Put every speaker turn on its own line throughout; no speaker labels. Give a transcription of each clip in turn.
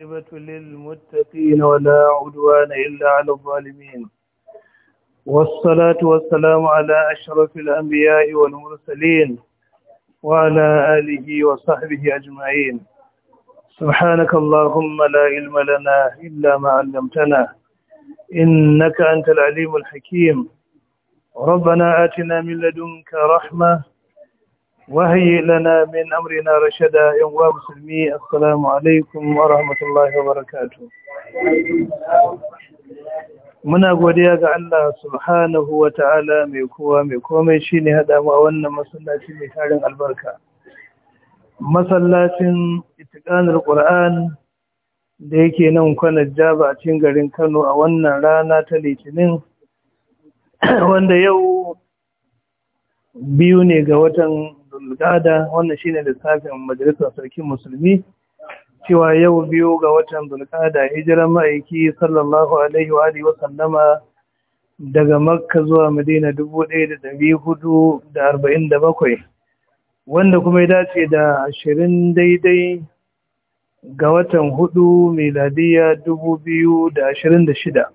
عاقبة للمتقين ولا عدوان إلا على الظالمين والصلاة والسلام على أشرف الأنبياء والمرسلين وعلى آله وصحبه أجمعين سبحانك اللهم لا علم لنا إلا ما علمتنا إنك أنت العليم الحكيم ربنا آتنا من لدنك رحمة وهي لنا من أمرنا رشدا يا مسلمي السلام عليكم ورحمة الله وبركاته muna godiya ga Allah subhanahu wa ta'ala mai kowa mai komai shi ne haɗa mu a wannan masallaci mai tarin albarka masallacin itikanar ƙura'an da yake nan kwanar jaba a cikin garin kano a wannan rana ta litinin wanda yau biyu ne ga watan Zulgada wannan shine lissafin majalisar sarkin musulmi cewa yau biyu ga watan dulgada hijiran ma'aiki sallallahu alaihi wa alihi daga makka zuwa madina dubu ɗari hudu da arba'in wanda kuma ya dace da ashirin daidai ga watan hudu miladiya dubu da ashirin da shida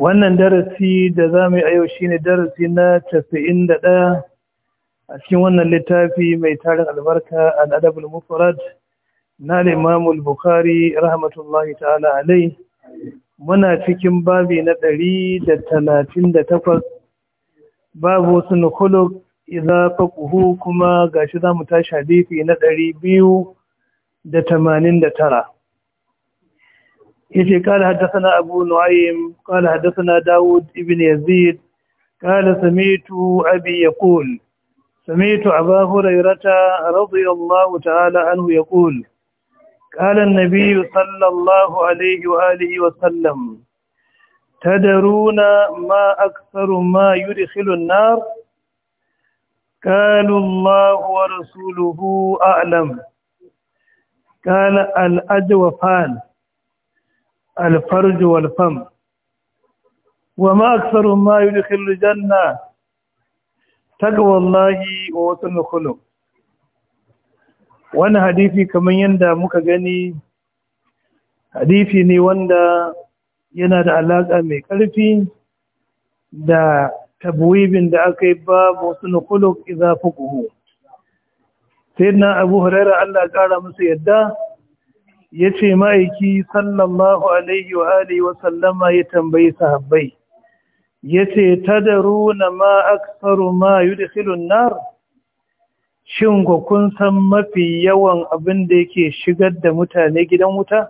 wannan darasi da za mu yi a yau shine darasi na casa'in da ɗaya a cikin wannan littafi mai tarin albarka al'adabul mufrad na limamul bukhari rahmatullahi ta'ala alai muna cikin babi na ɗari da talatin da takwas babu sun khuluq idza faquhu kuma gashi za mu tashi hadisi na ɗari biyu da tamanin da tara يشي قال حدثنا أبو نعيم قال حدثنا داود ابن يزيد قال سميت أبي يقول سميت أبا هريرة رضي الله تعالى عنه يقول
قال النبي
صلى الله عليه وآله وسلم تدرون ما أكثر ما يدخل النار قالوا الله ورسوله أعلم قال الأجوفان الفرج والفم وما أكثر ما يدخل الجنة تقوى الله ووطن الخلق wani hadisi kamar yadda muka gani hadisi ne wanda yana da alaƙa mai ƙarfi da tabwibin da aka yi babu suna kuluk iza fukuhu sai na abu hurairar allah ƙara musu yadda ya ce ma'aiki sallallahu alaihi wa alihi wa sallama ya tambayi sahabbai ya ce ta tadaruna ma aksaru ma filin nar shin ku kun san mafi yawan abin da yake shigar da mutane gidan wuta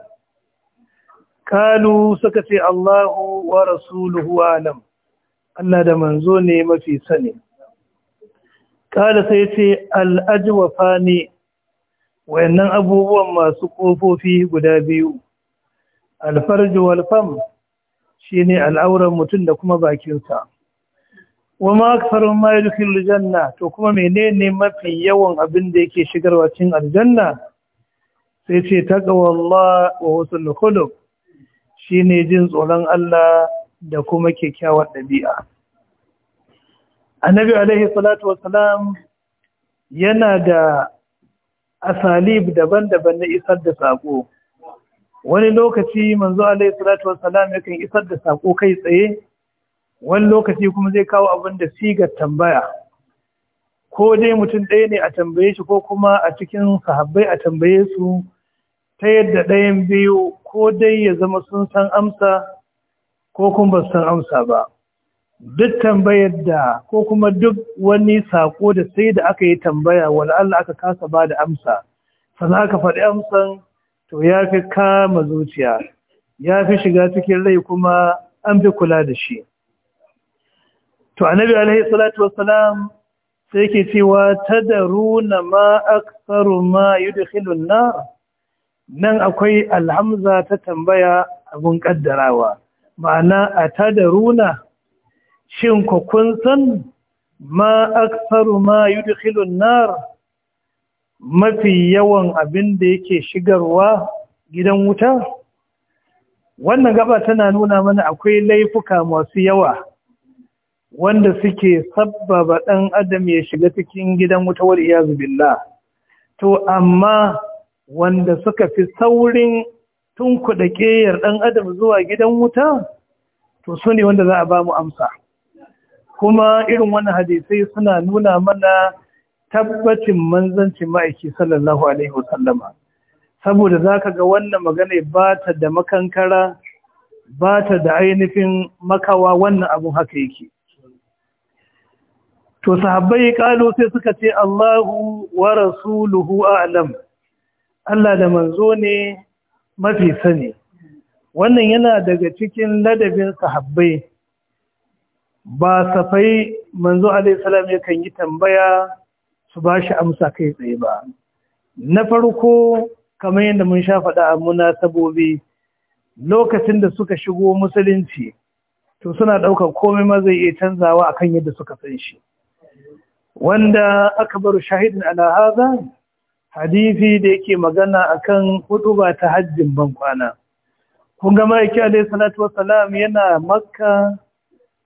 kalu suka ce Allahu wa rasuluhu alam Allah da manzo ne mafi sani Kada sai ce fa ne wayannan abubuwan masu ƙofofi guda biyu alfarju wal fam shine al'aurar mutum da kuma bakinsa wa ma aktharun ma yadkhulu janna to kuma menene mafi yawan abin da yake shigarwa cikin aljanna sai ce taqwallah wa husnul khuluq shine jin tsoron Allah da kuma kyakkyawar ɗabi'a annabi alaihi salatu wassalam yana da asalib daban-daban na isar da sako wani lokaci manzo alaihi salatu wassalam yakan isar da sako kai tsaye wani lokaci kuma zai kawo abin da sigar tambaya ko dai mutum ɗaya ne a tambaye shi ko kuma a cikin sahabbai a tambaye su ta yadda ɗayan biyu ko dai ya zama sun san amsa ko kuma ba san amsa ba duk tambayar da ko kuma duk wani sako da sai da aka yi tambaya wani Allah aka kasa ba da amsa sana aka faɗi amsan to ya fi kama zuciya ya fi shiga cikin rai kuma an fi kula da shi to annabi alaihi salatu wassalam sai ke cewa tadaruna ma aktsaru ma yudkhilun nar nan akwai alhamza ta tambaya abun kaddarawa ma'ana a runa? shin ku kun san ma aksaru ma yudkhilun nar mafi yawan abin da yake shigarwa gidan wuta wannan gaba tana nuna mana akwai laifuka masu yawa wanda suke sabbaba dan adam ya shiga cikin gidan wuta wal iyazu billah to amma wanda suka fi saurin da keyar ɗan adam zuwa gidan wuta to su ne wanda za a ba mu amsa kuma irin wani hadisai suna nuna mana tabbacin manzancin ma'aiki sallallahu alaihi wasallama saboda zaka ga wannan magana ba ta da makankara ba ta da ainihin makawa wannan abun haka yake to sahabbai kalo sai suka ce Allahu wa rasuluhu a'lam Allah da manzo ne mafi sani wannan yana daga cikin ladabin sahabbai ba safai manzo alaihi salam kan yi tambaya su ba shi amsa kai tsaye ba na farko kamar yadda mun sha faɗa a munasabobi lokacin da suka shigo musulunci to suna ɗaukar komai ma zai iya canzawa akan yadda suka san shi wanda aka bar shahidin ala haza hadisi da yake magana a akan ba ta hajjin bankwana kun gama yake alaihi salatu yana makka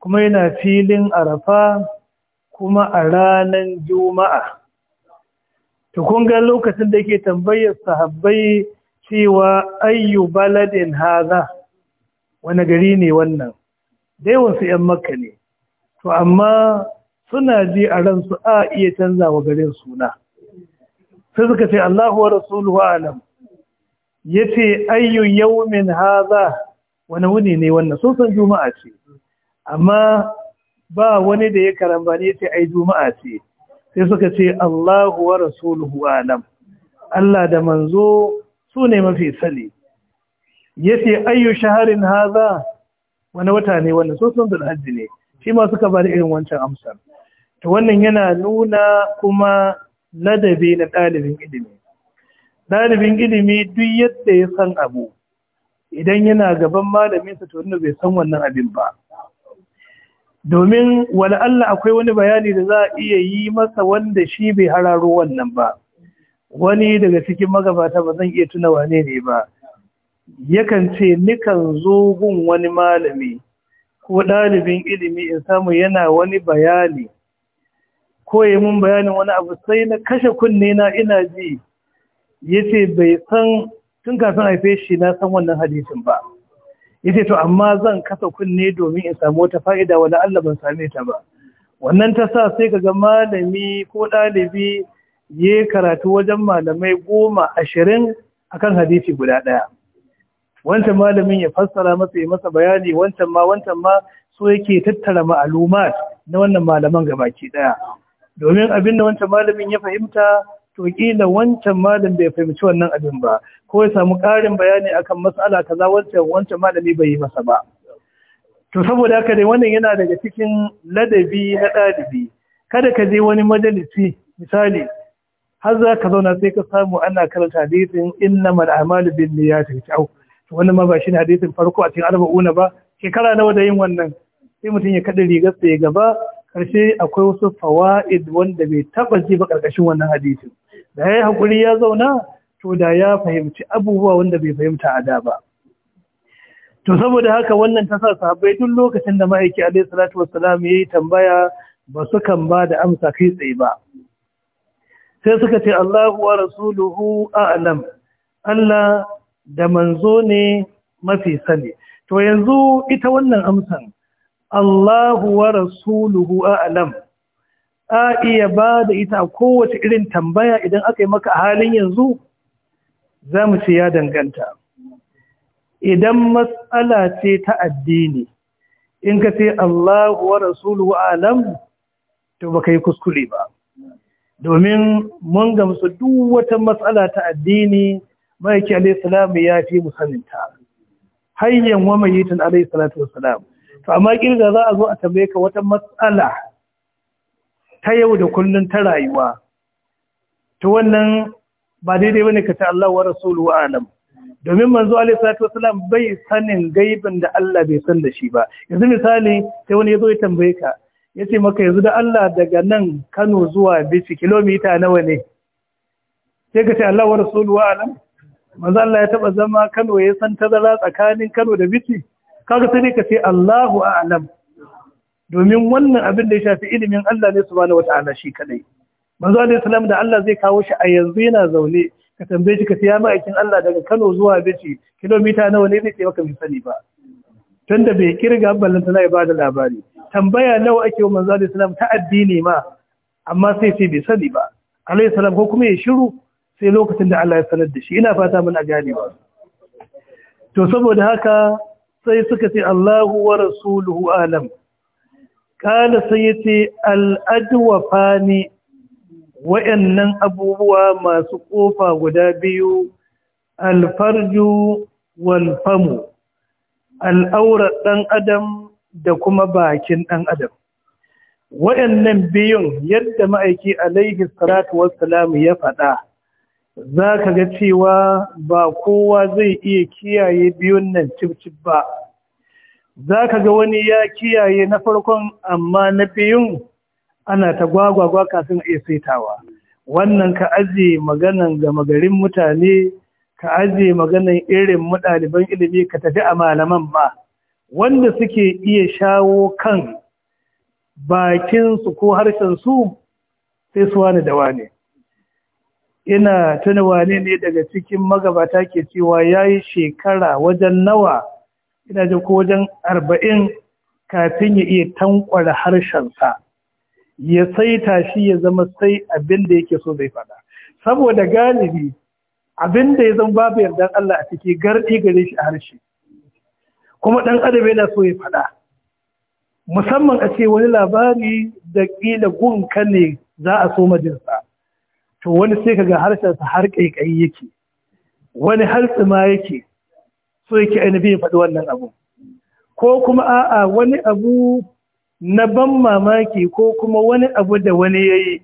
kuma yana filin arafa kuma a ranar juma'a Ta kun lokacin da ke tambayar sahabbai cewa ayyu baladin haza wani gari ne wannan wasu 'yan makka ne to amma suna ji a ransu a iya canza wa garin suna sai suka ce Allahu wa rasuluhu alam yace ayyu yawmin haza wani wuni ne wannan sun juma'a ce amma ba wani da ya karambani ya ce ai juma'a ce sai suka ce Allahu wa rasuluhu alam Allah da manzo su ne mafi sani yace ayyu shaharin haza wani wata ne wannan so sun zulhajji ne shi ma suka bada irin wancan amsar to wannan yana nuna kuma ladabi na ɗalibin ilimi ɗalibin ilimi duk yadda ya san abu idan yana gaban malaminsa to wannan bai san wannan abin ba domin wani Allah akwai wani bayani da za a iya yi masa wanda shi bai hararo wannan ba wani daga cikin magabata ba zan iya tuna wane ne ba yakan ce nikan zo gun wani malami ko ɗalibin ilimi in samu yana wani bayani ko yi mun bayanin wani abu sai na kashe kunne na ina ji yace bai san tun kafin haife shi na san wannan hadisin ba yace to amma zan kasa kunne domin in samu wata fa'ida wala Allah ban same ta ba wannan ta sa sai kaga malami ko ɗalibi ya karatu wajen malamai goma ashirin akan hadisi guda ɗaya wancan malamin ya fassara masa ya masa bayani wancan ma wancan ma so yake tattara ma'alumat na wannan malaman gabaki ɗaya domin abin da wancan malamin ya fahimta to kila wancan malamin bai fahimci wannan abin ba ko ya samu ƙarin bayani akan matsala kaza wancan wancan malami bai yi masa ba to saboda haka dai wannan yana daga cikin ladabi na ɗalibi kada ka je wani majalisi misali har za ka zauna sai ka samu ana karanta hadisin innamal a'malu binniyati to wannan ma ba ne hadisin farko a cikin arba'una ba shekara nawa da yin wannan sai mutum ya kaɗa rigar ya gaba karshe akwai wasu fawa'id wanda bai taɓa ji ba karkashin wannan hadisin da ya hakuri ya zauna to da ya fahimci abubuwa wanda bai fahimta a da ba to saboda haka wannan ta sa sahabbai duk lokacin da ma'aiki alaihi salatu wassalam yi tambaya ba su kan ba da amsa kai tsaye ba sai suka ce Allahu wa rasuluhu a'lam Allah da manzo ne mafi sani to yanzu ita wannan amsan Allahu wa rasuluhu a'lam a iya ba da ita kowace irin tambaya idan aka yi maka a halin yanzu za mu ce ya danganta idan matsala ce ta addini in ka ce Allah wa rasulu alam to ka yi kuskure ba domin mun gamsu duk wata matsala ta addini maiki alaihissalam ya fi musaninta hayyan wa mayitin wa wassalam to amma kirga za a zo a tambaye ka wata matsala ta yau da kullum ta rayuwa to wannan ba daidai ne ka ta Allah wa rasulu wa alam domin manzo alaihi salatu wasalam bai sanin gaibin da Allah bai san da shi ba yanzu misali sai wani ya zo ya tambaye ka Ya ce maka yanzu da Allah daga nan Kano zuwa Bichi kilomita nawa ne sai ka ce Allah wa rasulu wa alam manzo Allah ya taba zama Kano ya san tazara tsakanin Kano da Bichi kaga sai ka ce Allahu a'lam domin wannan abin da ya shafi ilimin Allah ne subhanahu wataala shi kadai manzo alaihi salam da Allah zai kawo shi a yanzu yana zaune ka tambaye shi ka siya ma'aikin Allah daga Kano zuwa Bichi kilomita nawa ne zai ce maka bai ba tunda bai kirga ballan tana ya bada labari tambaya nawa ake wa manzo alaihi salam ta addini ma amma sai sai bai sani ba alaihi salam ko kuma ya shiru sai lokacin da Allah ya sanar da shi ina fata mun a ba. to saboda haka sai suka ce Allahu wa rasuluhu alam kana sai yace al adwafani Wa'yannan abubuwa masu ƙofa guda biyu alfarju wal famu al'aurar ɗan adam da kuma bakin ɗan adam Wa'yannan biyun yadda ma'aiki alaihi salatu wassalam ya faɗa za ka ga cewa ba kowa zai iya kiyaye biyun nan cibcib ba za ka ga wani ya kiyaye na farkon amma na biyun ana ta gwagwagwa kafin a iya saitawa wannan ka aje maganan gama garin mutane ka aje maganan irin ɗaliban ilimi ka tafi a malaman ba wanda suke iya shawo kan bakinsu ko harshensu sai su wani da wani ina tuna wane ne daga cikin magabata ke cewa ya yi shekara wajen nawa ina jin ko wajen arba'in kafin ya iya tankwara harshensa ya saita shi ya zama sai abin da yake so zai faɗa saboda galibi abin da ya zama babu yardar Allah a ciki garɗi gare shi a harshe kuma ɗan adam yana so ya faɗa musamman a ce wani labari da ƙila gunka ne za a so majinsa to wani sai kaga harshensa har ƙaiƙayi yake wani har ma yake
so yake ainihin
faɗi wannan abu ko kuma a'a wani abu na ban mamaki ko kuma wani abu da wani ya yi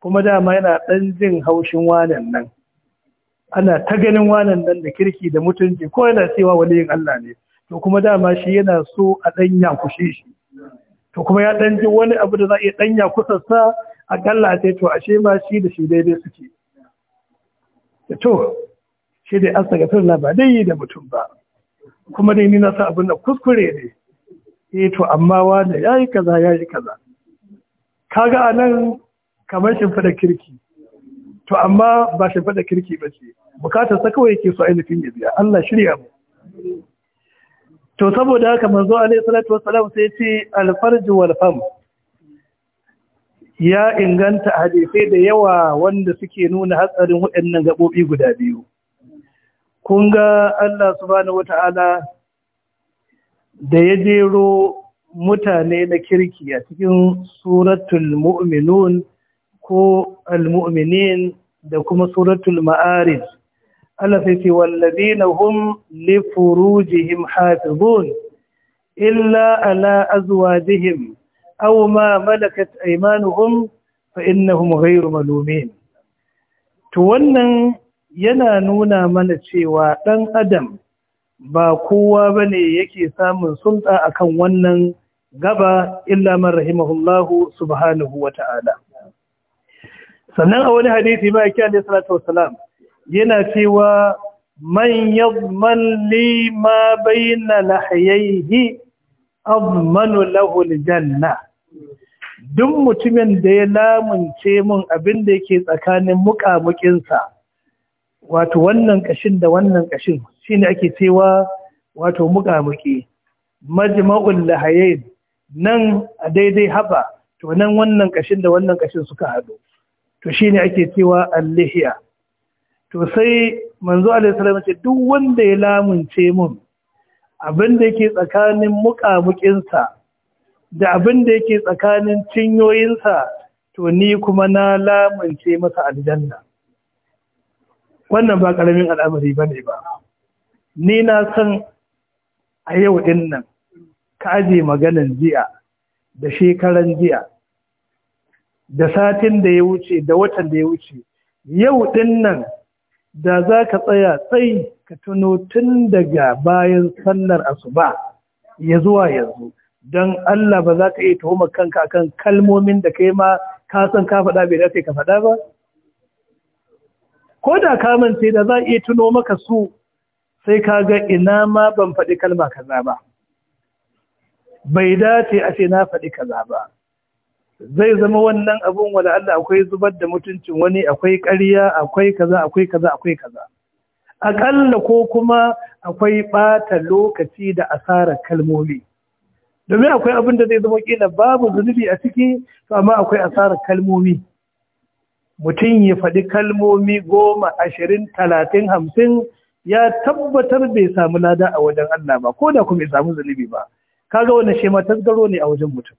kuma dama yana ɗan jin haushin wanan nan ana ta ganin wanan nan da kirki da mutunci ko yana cewa yin Allah ne to kuma dama shi yana so a ɗan kushe shi to kuma ya ɗan ji wani abu da za a iya ɗan a aƙalla ce to ashe ma shi da shi daidai suke to shi dai an saka firla ba dai da mutum ba kuma dai ni na sa abin da kuskure ne eh to amma wane ya yi kaza ya yi kaza kaga a nan kamar da kirki to amma ba da kirki ba ce bukatar sa kawai yake so ainihin ya biya Allah shirya mu to saboda haka manzo alaihi salatu wassalam sai ce alfarju wal fam ya inganta hadisai da yawa wanda suke nuna hatsarin waɗannan gaɓoɓi guda biyu kun ga Allah subhanahu wata'ala da ya jero mutane na kirki a cikin suratul mu'minun ko al-mu'minin da kuma suratul ma'arij Allah sai ce wallazina hum li furujihim hafizun illa ala azwajihim aw ma malakat aymanuhum fa innahum ghayru malumin to wannan yana nuna mana cewa dan adam ba kowa ba ne yake samun sulta kan wannan gaba illa man rahimahullahu subhanahu wa ta'ala sannan a wani hadithi ba yake alaihi salatu salam yana cewa man yadman li ma bayyana lahayayi abmanu lahu janna. duk mutumin da ya lamunce mun abin da yake tsakanin mukamukinsa wato wannan ƙashin da wannan ƙashin. shine ake cewa wato muƙamuƙi majma'ul lahayin nan a daidai haba to nan wannan kashin da wannan kashin suka haɗu to shine ake cewa al to sai manzo alaihi ce duk wanda ya lamunce mun abin da yake tsakanin muƙamuƙinsa da abin da yake tsakanin cinyoyinsa to ni kuma na lamunce masa aljanna wannan ba ƙaramin al'amari ba ne ba ni na san a yau din nan ka aje maganan jiya da shekaran jiya da satin da ya wuce da watan da ya wuce yau din nan da za ka tsaya tsayi ka tuno tun daga bayan sallar asuba ya zuwa yanzu don Allah ba za ka iya tuhumar kanka kan kalmomin da kai ma ka san ka faɗa bai dace ka faɗa ba ko da ka da za a iya tuno maka su sai ka ga ina ma ban faɗi kalma kaza ba bai dace a ce na faɗi kaza ba zai zama wannan abun wani Allah akwai zubar da mutuncin wani akwai ƙarya akwai kaza akwai kaza akwai kaza aƙalla ko kuma akwai ɓata lokaci da asarar kalmomi domin akwai abin da zai zama ƙila babu zunubi a ciki to amma akwai asarar kalmomi mutum ya faɗi kalmomi goma ashirin talatin hamsin ya tabbatar bai samu lada a wajen Allah ba ko da kuma bai samu zunubi ba kaga wannan shi ma tasgaro ne a wajen mutum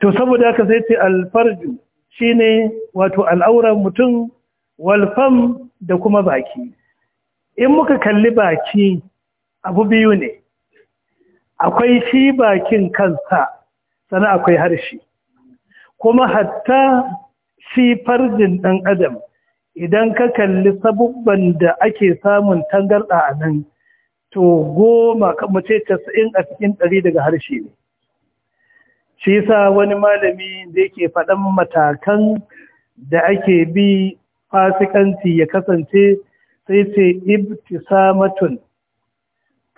to saboda haka sai ce alfarju shine wato al'auran mutum walfam da kuma baki in muka kalli baki abu biyu ne akwai shi bakin kansa sannan akwai harshe kuma hatta shi farjin ɗan adam idan ka kalli sabubban da ake samun tangarɗa a nan to goma mace casa'in a cikin ɗari daga harshe ne shi sa wani malami da yake faɗan matakan da ake bi fasikanci ya kasance sai ce ibtisamatun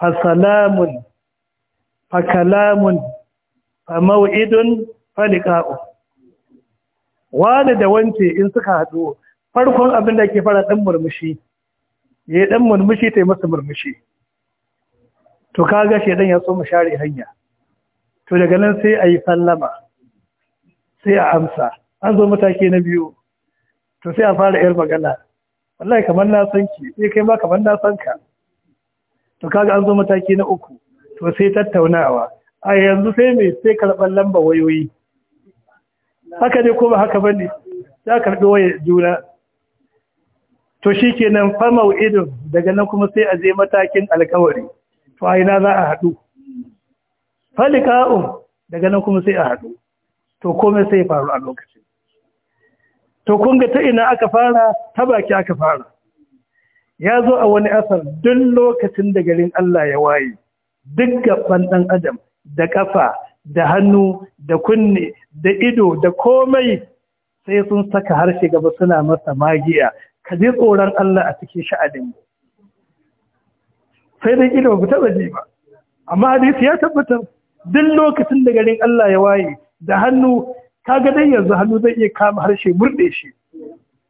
fasalamun fakalamun famau'idun falika'u wani da wance in suka haɗu farkon abin da ke fara ɗan murmushi ya yi ɗan murmushi ta yi masa murmushi to kaga ɗan ya so mu share hanya to daga nan sai a yi sallama sai a amsa an zo mataki na biyu to sai a fara yar magana wallahi kamar na san ki sai eh, kai ma kamar na san ka to kaga an zo mataki na uku to sai tattaunawa a yanzu sai mai sai karɓar lamba wayoyi haka ne ko ba haka bane ya karɓi waye, juna to shi ke kenan famau idin daga nan kuma sai a je matakin alkawari to a na za a haɗu falika'un daga nan kuma sai a haɗu to kome sai faru a lokacin to kunga ta ina aka fara ta baki aka fara ya zo a wani asar duk lokacin da garin Allah ya waye duk gaban ɗan adam da ƙafa da hannu da kunne da ido da komai sai sun saka harshe gaba suna masa magiya ka je tsoron Allah a cikin sha'anin mu sai dai ido ba taɓa ji ba amma hadisi ya tabbatar duk lokacin da garin Allah ya waye da hannu ga dai yanzu hannu zai iya kama harshe murɗe shi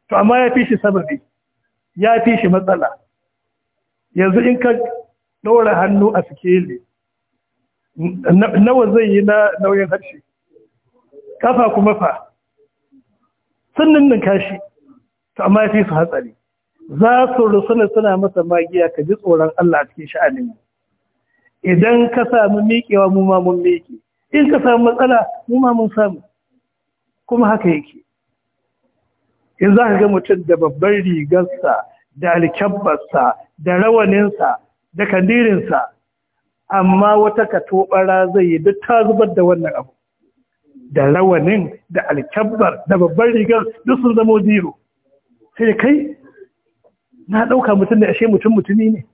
to amma ya fi shi sababi ya fi shi matsala yanzu in ka ɗora hannu a sikeli nawa zai yi na nauyin harshe kafa kuma fa sun ninninka shi to amma ya fi su hatsari za su rusuna suna masa magiya ka ji tsoron Allah a cikin sha'anin idan ka samu miƙewa mu ma mun miƙe in ka samu matsala mu ma mun samu kuma haka yake in za ka ga mutum da babbar rigarsa da alkyabbarsa da rawaninsa da kandirinsa amma wata katobara zai yi duk ta zubar da wannan abu da rawanin da alkyabbar da babbar rigar duk sun zamo zero sai kai na ɗauka mutum da ashe mutum mutumi ne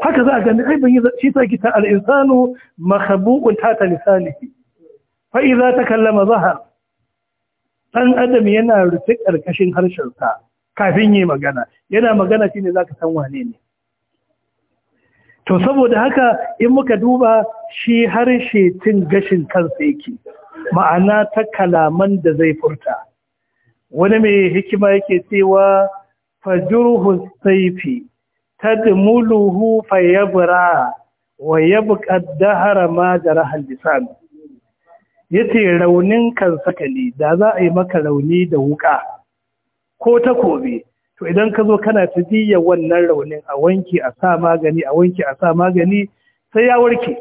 haka za a gani ai ban yi shi ta gita al'insanu ta tata lisanihi fa'i za ta kallama zaha ɗan adam yana rufe ƙarƙashin harshensa kafin yi magana yana magana shi ne za ka san wane ne to saboda haka in muka duba shi harshe cin gashin kansa yake ma'ana ta kalaman da zai furta wani mai hikima yake cewa fajruhu saifi tadmuluhu fayabra wa yabqa ad harama ma jaraha al-lisan yace raunin kan sakali da za a yi maka rauni da wuka ko ta kobe, to idan ka zo kana tafiya wannan raunin a wanke a sa magani a wanki a sa magani sai ya warke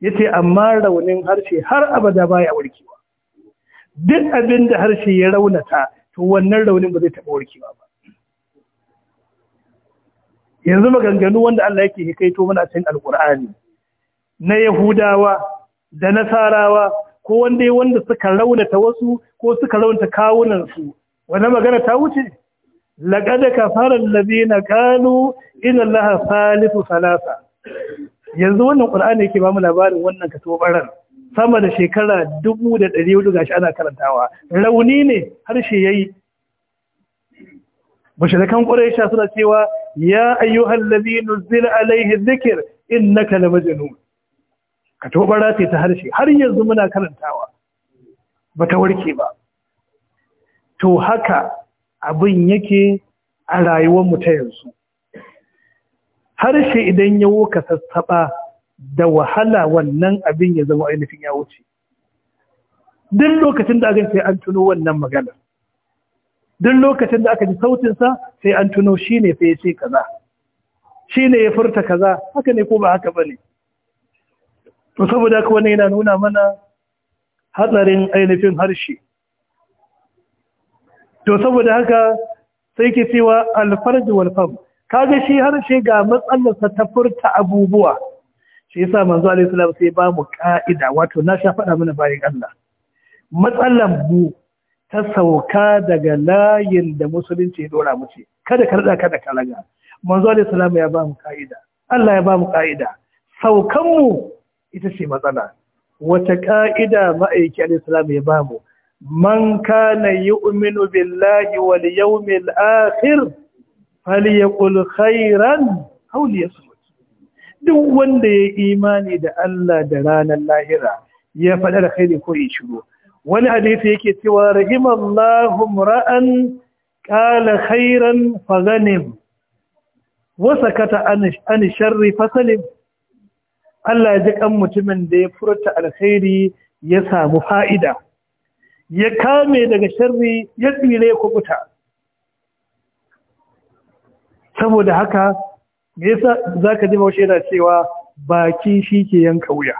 yace amma raunin harshe har abada baya warkewa duk abin da harshe ya raunata to wannan raunin ba zai taɓa warkewa ba yanzu maganganu wanda Allah yake to muna cin Alƙur'ani na yahudawa da nasarawa ko wanda wanda suka raunata wasu ko suka raunata kawunansu wani magana ta wuce fara kafara na kanu ina allaha salisu salasa yanzu wannan ƙur'ani yake ba mu labarin wannan katobaran sama da shekara dubu da ɗari hudu gashi ana karantawa rauni ne harshe ya yayi mushrikan sha suna cewa ya ayyuhal ladhi alaihi zikir in na kalama jinu ka bara ce ta harshe har yanzu muna karantawa Ba bata warke ba to haka abin yake a rayuwar mu ta yanzu harshe idan ya ka sassaɓa da wahala wannan abin ya zama ainihin ya wuce Dun lokacin da aka ce an tuno wannan magana Dun lokacin da aka ji sautinsa sai an tuno shi ne sai ya ce kaza shi ne ya furta kaza haka ne ko ba haka ba ne to saboda haka wani yana nuna mana hatsarin ainihin harshe to saboda haka sai ke cewa alfarji walfam kaga shi harshe ga matsalarsa ta furta abubuwa shi yasa manzo alaihi salam sai ba mu ka'ida wato na sha faɗa mana bayan Allah matsalan mu ta sauka daga layin da musulunci ya dora mu ce kada ka rada kada ka manzo alaihi salam ya ba mu ka'ida Allah ya ba mu ka'ida saukan mu ita ce matsala wata ka'ida ma'aiki alaihi salam ya ba mu man kana yu'minu billahi wal yawmil akhir falyaqul khairan aw liyasmut duk wanda ya imani da Allah da ranar lahira ya faɗa da kai ko ya shigo wani hadisi yake cewa rahimallahu ra'an qala khairan faganim wa sakata an sharri fasalim Allah ya ji kan mutumin da ya furta alkhairi ya samu fa'ida ya kame daga sharri ya tsire kubuta saboda haka me yasa zaka ji maushe yana cewa baki shi ke yanka wuya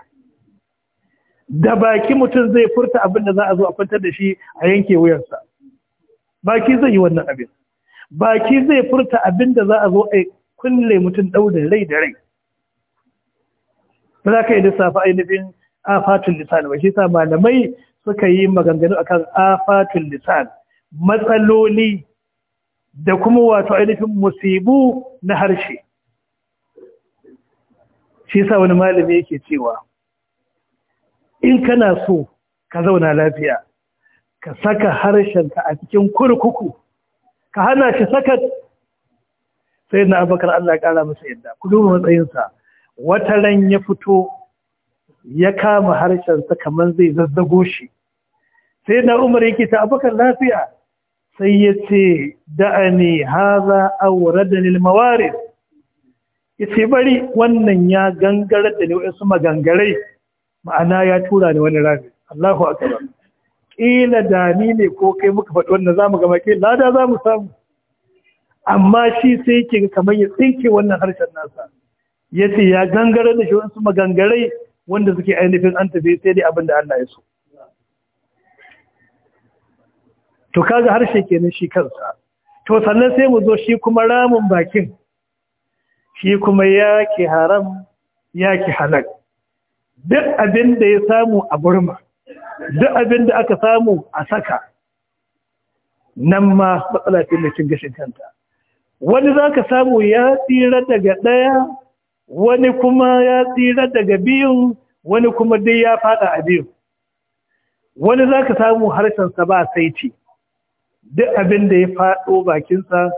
da baki mutum zai furta abin da za a zo a fitar da shi a yanke wuyarsa baki zai yi wannan abin baki zai furta abin da za a zo a kulle mutum da rai da rai ba za ka yi lissafi ainihin afatun lisan ba shi sa malamai suka yi maganganu akan afatun lisan matsaloli da kuma wato ainihin musibu na harshe shi yasa wani malami yake cewa in kana so ka zauna lafiya ka saka harshen harshenka a cikin kurkuku ka hana shi saka sai na abakar Allah ya kara masa yadda ku duba matsayinsa wata ran ya fito ya kama harshensa kamar zai zazzago shi sai na umar yake ta abakar lafiya sai ya ce da'ani haza aure da nilmawaris yace bari wannan ya gangara da ne wasu magangarai ma'ana ya tura ni wani rami Allahu akbar kila da ni ne ko kai muka faɗi wannan zamu ga maki lada zamu samu amma shi sai yake kamar ya tsinke wannan harshen nasa yace ya gangara da shi wasu magangarai wanda suke ainihin an tafi sai dai abin da Allah ya so to kaga harshe kenan shi kansa
to sannan sai mu
zo shi kuma ramin bakin shi kuma ya ki haram ya ki halal duk abin da ya samu a burma duk abin da aka samu a saka nan ma matsala fi mai cin gashin kanta wani za ka samu ya tsira daga ɗaya wani kuma ya tsira daga biyun wani kuma dai ya fada a biyun wani za ka samu sa ba saiti duk abin da ya faɗo bakinsa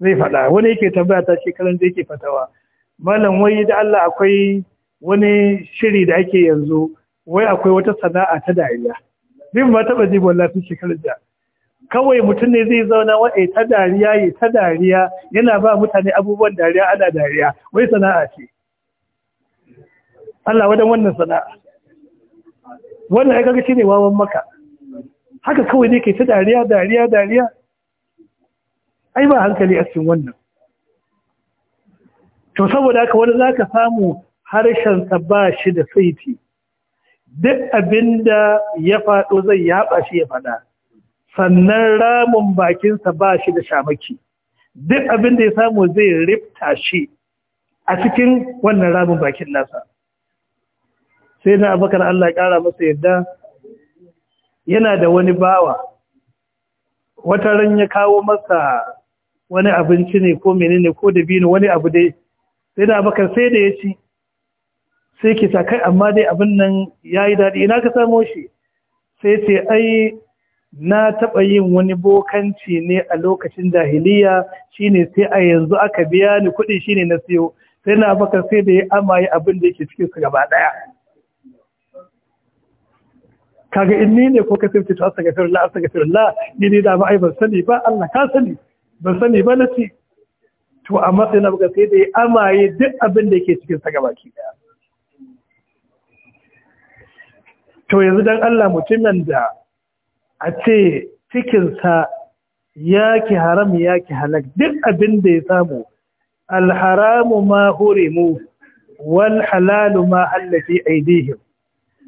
zai faɗa wani yake tambaya ta shekaran zai yake fatawa malam wai da Allah akwai wani shiri da ake yanzu wai akwai wata sana'a ta dariya bin ba taɓa ji wallahi shekaran da kawai mutum ne zai zauna wa ta dariya ya ta dariya yana ba mutane abubuwan dariya ana dariya wai sana'a ce Allah wadan wannan sana'a wannan ya kaga shine wawan maka haka kawai ne ke ta dariya dariya dariya ai ba hankali a cikin wannan to saboda haka wani za ka samu harshen sa ba shi da saiti duk abinda ya faɗo zai yaɓa shi ya faɗa sannan ramin bakinsa ba shi da shamaki duk abinda ya samu zai rifta shi a cikin wannan ramin bakin nasa sai na abakar Allah ƙara masa yadda yana da wani bawa wata ran ya kawo masa wani abinci ne ko menene ko dabino wani abu dai sai da abakar sai da ya ci sai ki ta kai amma dai abin nan ya yi daɗi ina ka samo shi sai ce ai na taɓa yin wani bokanci ne a lokacin jahiliya shine sai a yanzu aka biya ni kuɗi shine na siyo sai na abakar sai da ya amaye abin da yake cikin su gaba ɗaya kaga in ne ko ka sai ta astaghfirullah astaghfirullah ni ne da ba ai ban sani ba Allah ka sani ban sani ba na ce to a matsayin buga sai da ya amaye duk abin da yake cikin sa gabaki daya to yanzu dan Allah mutumin da a ce cikinsa ya ki haram ya ki halak duk abin da ya samu alharamu ma hurimu wal halalu ma hallafi aidihim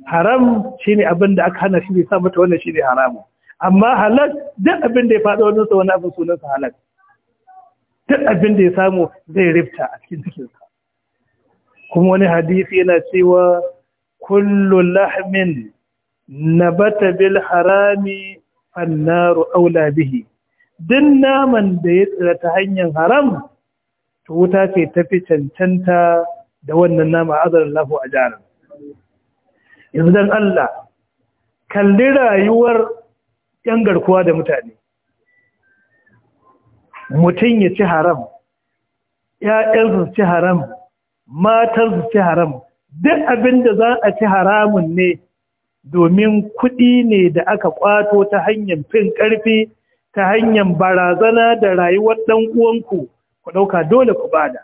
haram shine abin da aka hana shi bai sa mata wannan shine haramu amma halak duk abin da ya faɗo wani wani abin sunan sa halak duk abin da ya samu zai rifta a cikin cikinsa kuma wani hadisi yana cewa kullu lahmin nabata bil harami fannaru aula bihi duk naman da ya tsira ta hanyar haram to wuta ce tafi cancanta da wannan nama azarin lahu a jihar. yanzu dan Allah kalli rayuwar 'yan garkuwa da mutane mutum ya ci haram ‘ya'yansu ci haram matarsu ci haram duk abin da za a ci haramun ne domin kuɗi ne da aka kwato ta hanyar fin ƙarfi ta hanyar barazana da rayuwar ɗan uwanku ku ɗauka dole ku bada.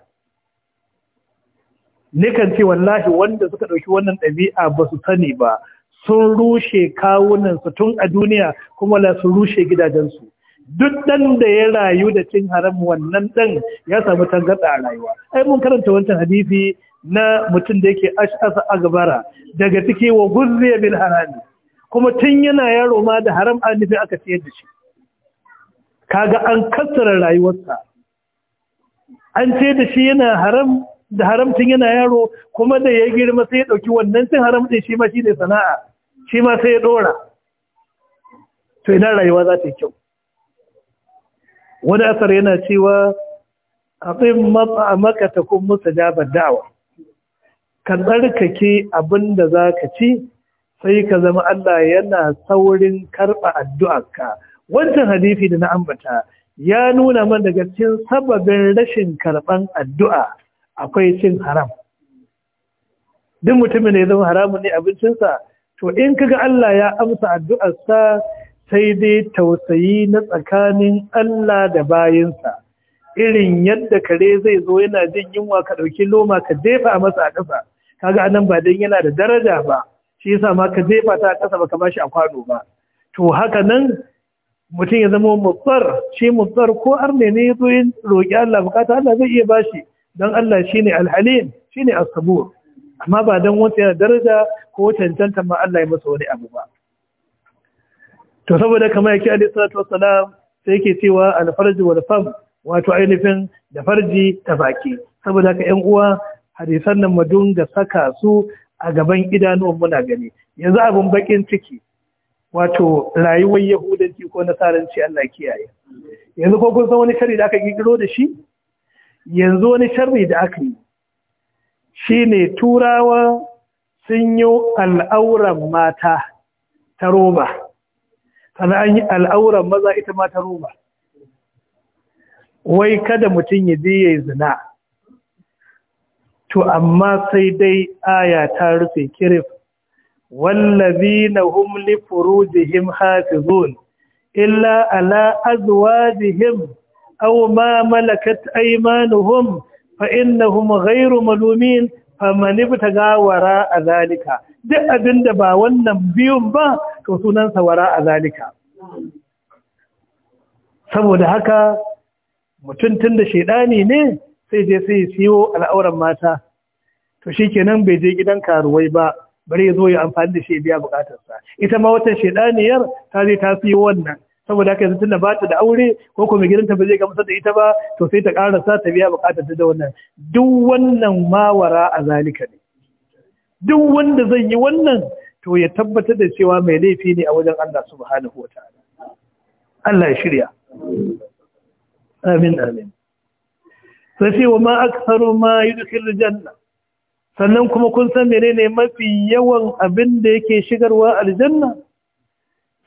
Nikan ce wallahi wanda suka ɗauki wannan ɗabi'a ba su sani ba, sun rushe kawunansu tun a duniya kuma la su rushe gidajensu duk dan da ya rayu da cin haram wannan dan ya samu tangarda a rayuwa ai mun karanta wancan hadisi na mutum da yake ash'asa agbara daga ciki wa guzziya bil harami kuma tun yana yaro ma da haram an nufi aka ciyar da shi kaga an kassara rayuwarsa an ce da shi yana haram da haramcin yana yaro kuma da ya girma sai ya ɗauki wannan cin haram ɗin shi ma shi ne sana'a shi ma sai ya dora to ina rayuwa za ta yi kyau
wani asar yana
cewa abin maka ta kun musu jabar da'awa ka tsarkake abin da za ka ci sai ka zama Allah yana saurin karɓa addu'arka wancan hadifi da na ambata ya nuna man daga cikin sababin rashin karɓan addu'a akwai cin haram duk mutumin da ya zama haramun ne abincinsa to in kaga Allah ya amsa addu'arsa sai dai tausayi na tsakanin Allah da bayinsa irin yadda kare zai zo yana jin yunwa ka ɗauki loma ka jefa a masa a ƙasa kaga anan ba dan yana da daraja ba shi yasa ma ka jefa ta a ƙasa ba ka bashi a kwano ba to haka nan mutum ya zama mutsar shi mutsar ko ar ne ya zo yin roƙi Allah bukata Allah zai iya bashi Dan Allah shine ne alhalim shi ne asabur amma ba dan wata yana daraja ko cancanta ma Allah ya masa wani abu ba to saboda kama yake alaihi salatu wassalam sai yake cewa alfarji wani fam wato ainihin da farji ta baki saboda haka 'yan uwa hadisan nan mu dunga saka su a gaban idanuwan muna gani yanzu abin bakin ciki wato rayuwar yahudanci ko nasaranci Allah kiyaye yanzu ko kun san wani sharri da aka kirkiro da shi yanzu wani sharri da aka yi shi shine turawa sun yi al'auran mata ta roba sannan an yi al'auran maza ita ma ta roba wai kada mutum ya je ya yi zina to amma sai dai aya ta rufe kirif wallazina hum li hafi hafizun illa ala azwajihim au ma malakat aymanuhum fa innahum gairu malumin famani ta ga wara a zalika duk abin da ba wannan biyun ba to sunansa wara a zalika saboda haka mutum tun da shaidani ne sai je sai siyo al'auran mata to shi kenan bai je gidan karuwai ba bari ya zo ya amfani da shi biya bukatarsa ita ma watan shaidaniyar ta je ta siyo wannan saboda haka yanzu tunda ba ta da aure ko kuma gidanta ba zai musa da ita ba to sai ta karasa ta biya bukatar ta da wannan duk wannan mawara a zalika ne duk wanda zai yi wannan to ya tabbatar da cewa mai laifi ne a wajen Allah subhanahu wa ta'ala Allah ya shirya amin amin sai sai wa ma aktharu ma yudkhil janna sannan kuma kun san menene mafi yawan abin da yake shigarwa aljanna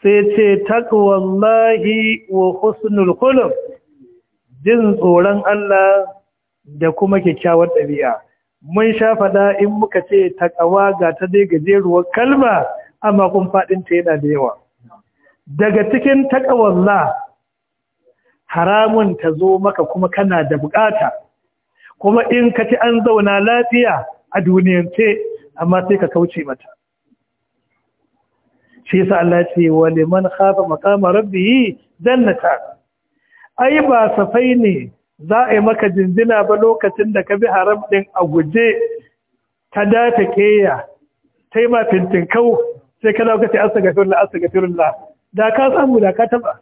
sai ce takwallahi wa husnul Kulum" jin tsoron Allah da kuma kyakkyawar ɗabi'a mun sha faɗa in muka ce takawa ga ta dai gajeruwar kalma amma kun faɗin ta yana da yawa daga cikin la, haramun ta zo maka kuma kana da bukata kuma in ka ci an zauna lafiya a duniyance amma sai ka kauce mata shi yasa Allah ya ce wa liman khafa maqama rabbihi jannata ai ba safai ne za a yi maka jinjina ba lokacin da ka bi haram din a guje ta data keya ta yi ma fintinkau sai ka dauka sai astagfirullah astagfirullah da ka samu da ka taba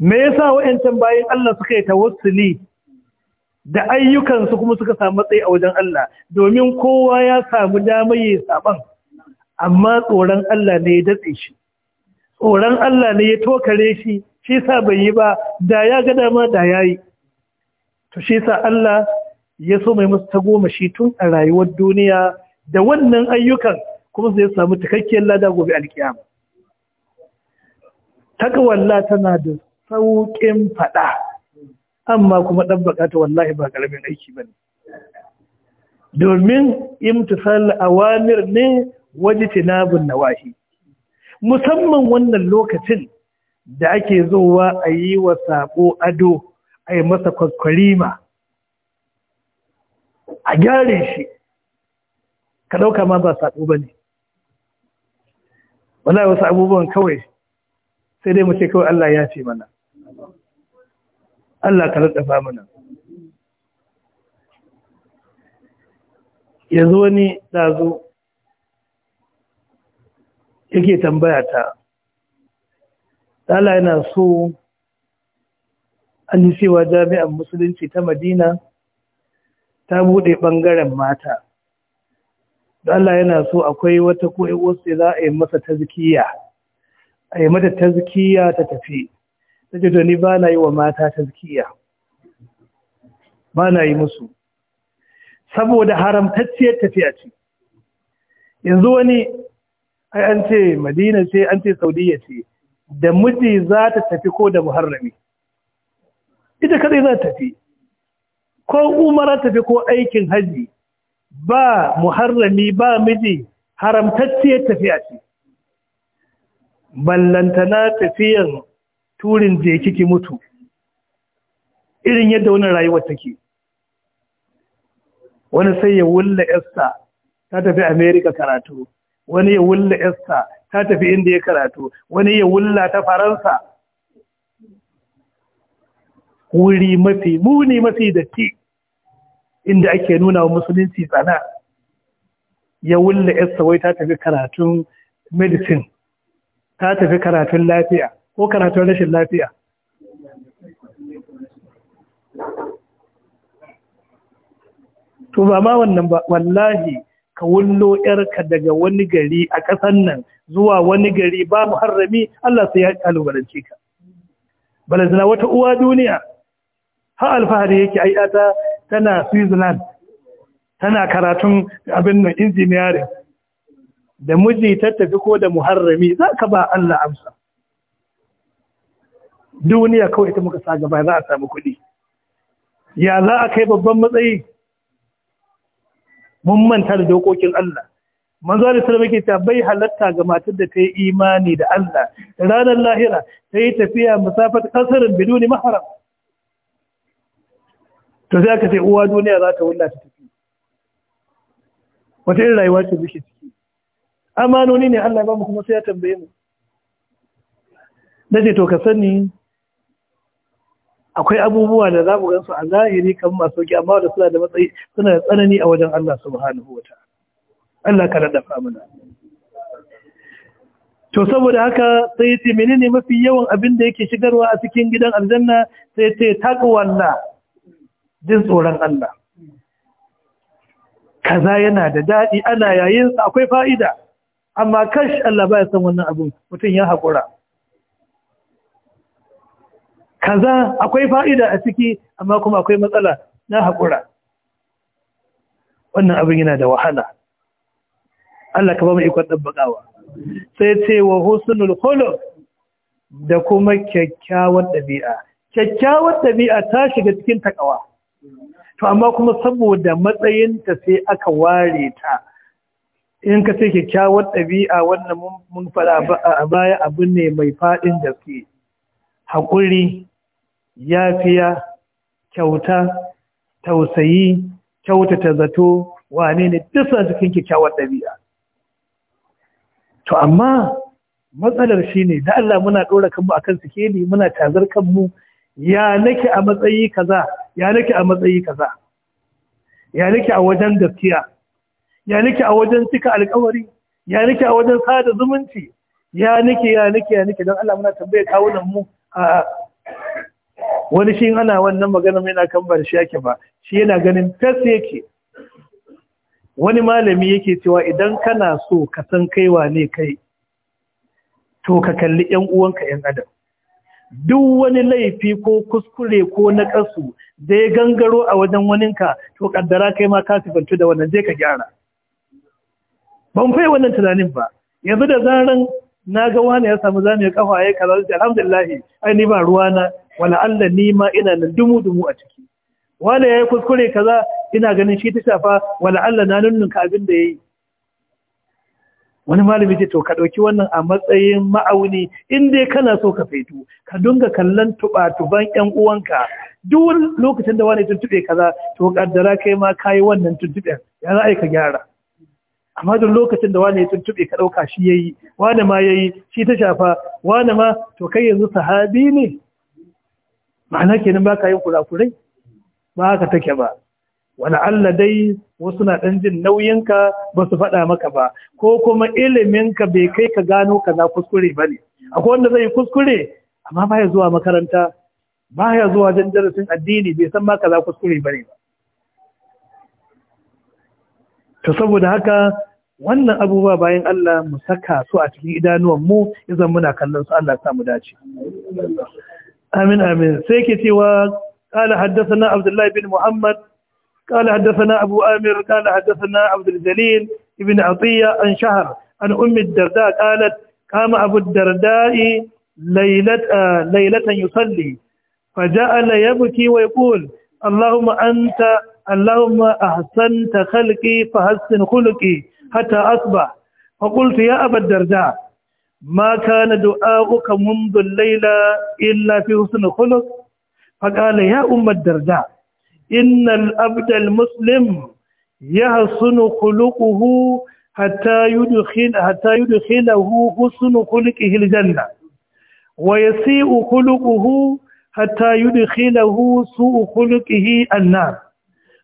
me yasa wa'ancan bayan Allah suka yi tawassuli da ayyukansu kuma suka samu matsayi a wajen Allah domin kowa ya samu damar saban amma tsoron Allah ne ya datse shi tsoron Allah ne ya tokare shi shi sa bai yi ba da ya ga dama da ya yi to shi sa Allah ya so mai masu goma shi tun a rayuwar duniya da wannan ayyukan kuma zai samu cikakkiyar lada gobe alkiyama takawalla tana da sauƙin faɗa amma kuma ɗan bakata wallahi ba ƙaramin aiki ba ne domin imtisal awamir ne na nawahi musamman wannan lokacin da ake zowa a yi wa sako ado a yi masa kwakwarima a gyare shi ka ɗauka ma ba sako ba ne wala wasu abubuwan kawai sai dai mu ce kawai Allah ya ce mana Allah ka rarrafa mana yanzu wani ɗazu take tambaya ta Allah yana so an yi cewa jami'an musulunci ta Madina ta bude bangaren mata Allah yana so akwai wata ko wasu za a yi masa tazkiya a yi mata tazkiya ta tafi ta ce doni ba na yi wa mata tazkiya ba na yi musu saboda haramtacciyar tafiya ce yanzu wani ai an ce madina ce an ce saudiya ce da miji za ta tafi ko da muharrami ita kadai za ta tafi ko umara tafi ko aikin haji ba muharrami ba miji haramtacciyar tafiya ce ballantana tafiyan turin je kiki mutu irin yadda wani rayuwar take wani sai ya wulla yasta ta tafi Amerika karatu wani ya wulla esta ta tafi inda ya karatu wani ya wulla ta faransa wuri mafi muni mafi datti inda ake nuna wa musulunci tsana ya wulla esta wai ta tafi karatun medicine ta tafi karatun lafiya ko karatun rashin lafiya to ba ma wannan ba wallahi ka wullo yarka daga wani gari a ƙasan nan zuwa wani gari ba muharrami Allah sai ya kalubalance ka balazina wata uwa duniya ha alfahari yake ai ta tana Switzerland tana karatun abin nan engineering da miji ta tafi ko da muharrami za ka ba Allah amsa duniya kawai ita muka sa gaba za a samu kuɗi ya za a kai babban matsayi mun manta da dokokin Allah manzo da wasallam yake ta bai halatta ga matar da ta yi imani da Allah ranar lahira ta yi tafiya musafat kasarin biduni mahram to sai aka ce uwa duniya za ta wulla ta tafi wata irin rayuwa ce muke ciki amanoni ne Allah ba mu kuma sai ya tambaye mu nace to ka sani akwai abubuwa da za mu gansu a zahiri kamar masu sauki amma da suna da matsayi suna da tsanani a wajen Allah subhanahu wa ta'ala
Allah ka radafa
mana to saboda haka sai yace menene mafi yawan abin da yake shigarwa a cikin gidan aljanna sai yace taqwallah jin tsoron Allah kaza yana da daɗi ana yayin akwai fa'ida amma kash Allah baya san wannan abun mutum ya hakura kaza akwai fa'ida a ciki amma kuma akwai matsala na haƙura wannan abin yana da wahala Allah ka ba mu ikon ɗabbaƙawa sai ce wa husnul khuluq da kuma kyakkyawar ɗabi'a kyakkyawar ɗabi'a ta shiga cikin takawa to amma kuma saboda matsayinta sai aka ware ta in ka ce kyakkyawar ɗabi'a wannan mun faɗa a baya abu ne mai faɗin ke haƙuri yafiya kyauta tausayi kyautata zato wane ne duk cikin kyakkyawar ɗabi'a to amma matsalar shi ne da Allah muna ɗora kanmu a kan sikeli muna tazar kanmu ya nake a matsayi kaza ya nake a matsayi kaza ya nake a wajen gaskiya ya nake a wajen cika alkawari ya nake a wajen sada zumunci ya nake ya nake ya nake don Allah muna tambaye kawunan mu wani shi ana wannan magana mai na kan bar shi yake ba shi yana ganin fes yake wani malami yake cewa idan kana so ka san kaiwa ne kai to ka kalli yan uwanka yan adam duk wani laifi ko kuskure ko nakasu da ya gangaro a wajen waninka to kaddara kai ma ka sifantu da wannan je ka gyara ban fai wannan tunanin ba yanzu da zaran na ga wani ya samu zamiyar kafa ya kaza alhamdulillah ai ni ba ruwa na wala Allah ni ma ina nan dumu dumu a ciki wala yayi kuskure kaza ina ganin shi ta shafa wala Allah na nunnun ka abin da yayi wani malami ce to ka dauki wannan a matsayin ma'auni in dai kana so ka faitu ka dunga kallon tuba-tuban yan uwanka duk lokacin da wani tuntube kaza to kaddara kai ma kai wannan tuntuben ya za ka gyara amma duk lokacin da wani ya tuntube ka ɗauka shi ya yi wani ma ya yi shi ta shafa wani ma to kai yanzu sahabi ne ma'ana kenan ba ka yin kurakurai ba ka take ba wani Allah dai wasu na ɗan jin nauyinka ba su faɗa maka ba ko kuma iliminka bai kai ka gano ka za kuskure ba ne akwai wanda zai kuskure amma ba ya zuwa makaranta ba ya zuwa jan darasin addini bai san ma za kuskure ba ne ba to saboda haka wannan abubuwa bayan Allah mu saka su a cikin idanuwan mu idan muna kallon su Allah ya samu dace sai ke cewa qala haddathana abdullahi bin muhammad qala haddathana abu amir qala haddathana abdul jalil ibn an shahr an ummi darda qalat kama abu darda'i laylatan laylatan yusalli فجعل يبكي ويقول اللهم أنت اللهم أحسنت خلقي فحسن خلقي حتى أصبح فقلت يا أبا الدرداء ما كان دعاؤك منذ الليلة إلا في حسن خلق فقال يا أم الدرداء إن الأبد المسلم يحسن خلقه حتى يدخل حتى يدخله حسن خلقه الجنة ويسيء خلقه حتى يدخله سوء خلقه النار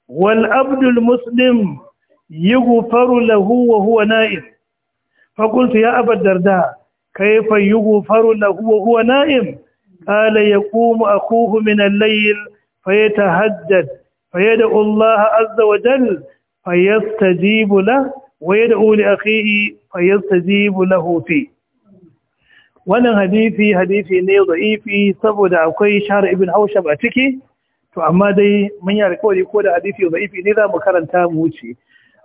والعبد المسلم يغفر له وهو نائم فقلت يا أبا الدرداء kaifa yughfaru lahu wa huwa na'im qala yaqumu akuhu min al-layl fayatahaddath fayad'u Allah azza wa jalla fayastajibu lahu wa yad'u li akhihi fayastajibu lahu fi wannan hadisi hadisi ne za'ifi saboda akwai shahar ibn haushab a ciki to amma dai mun yi alkawari ko da hadisi da'ifi ne za mu karanta mu wuce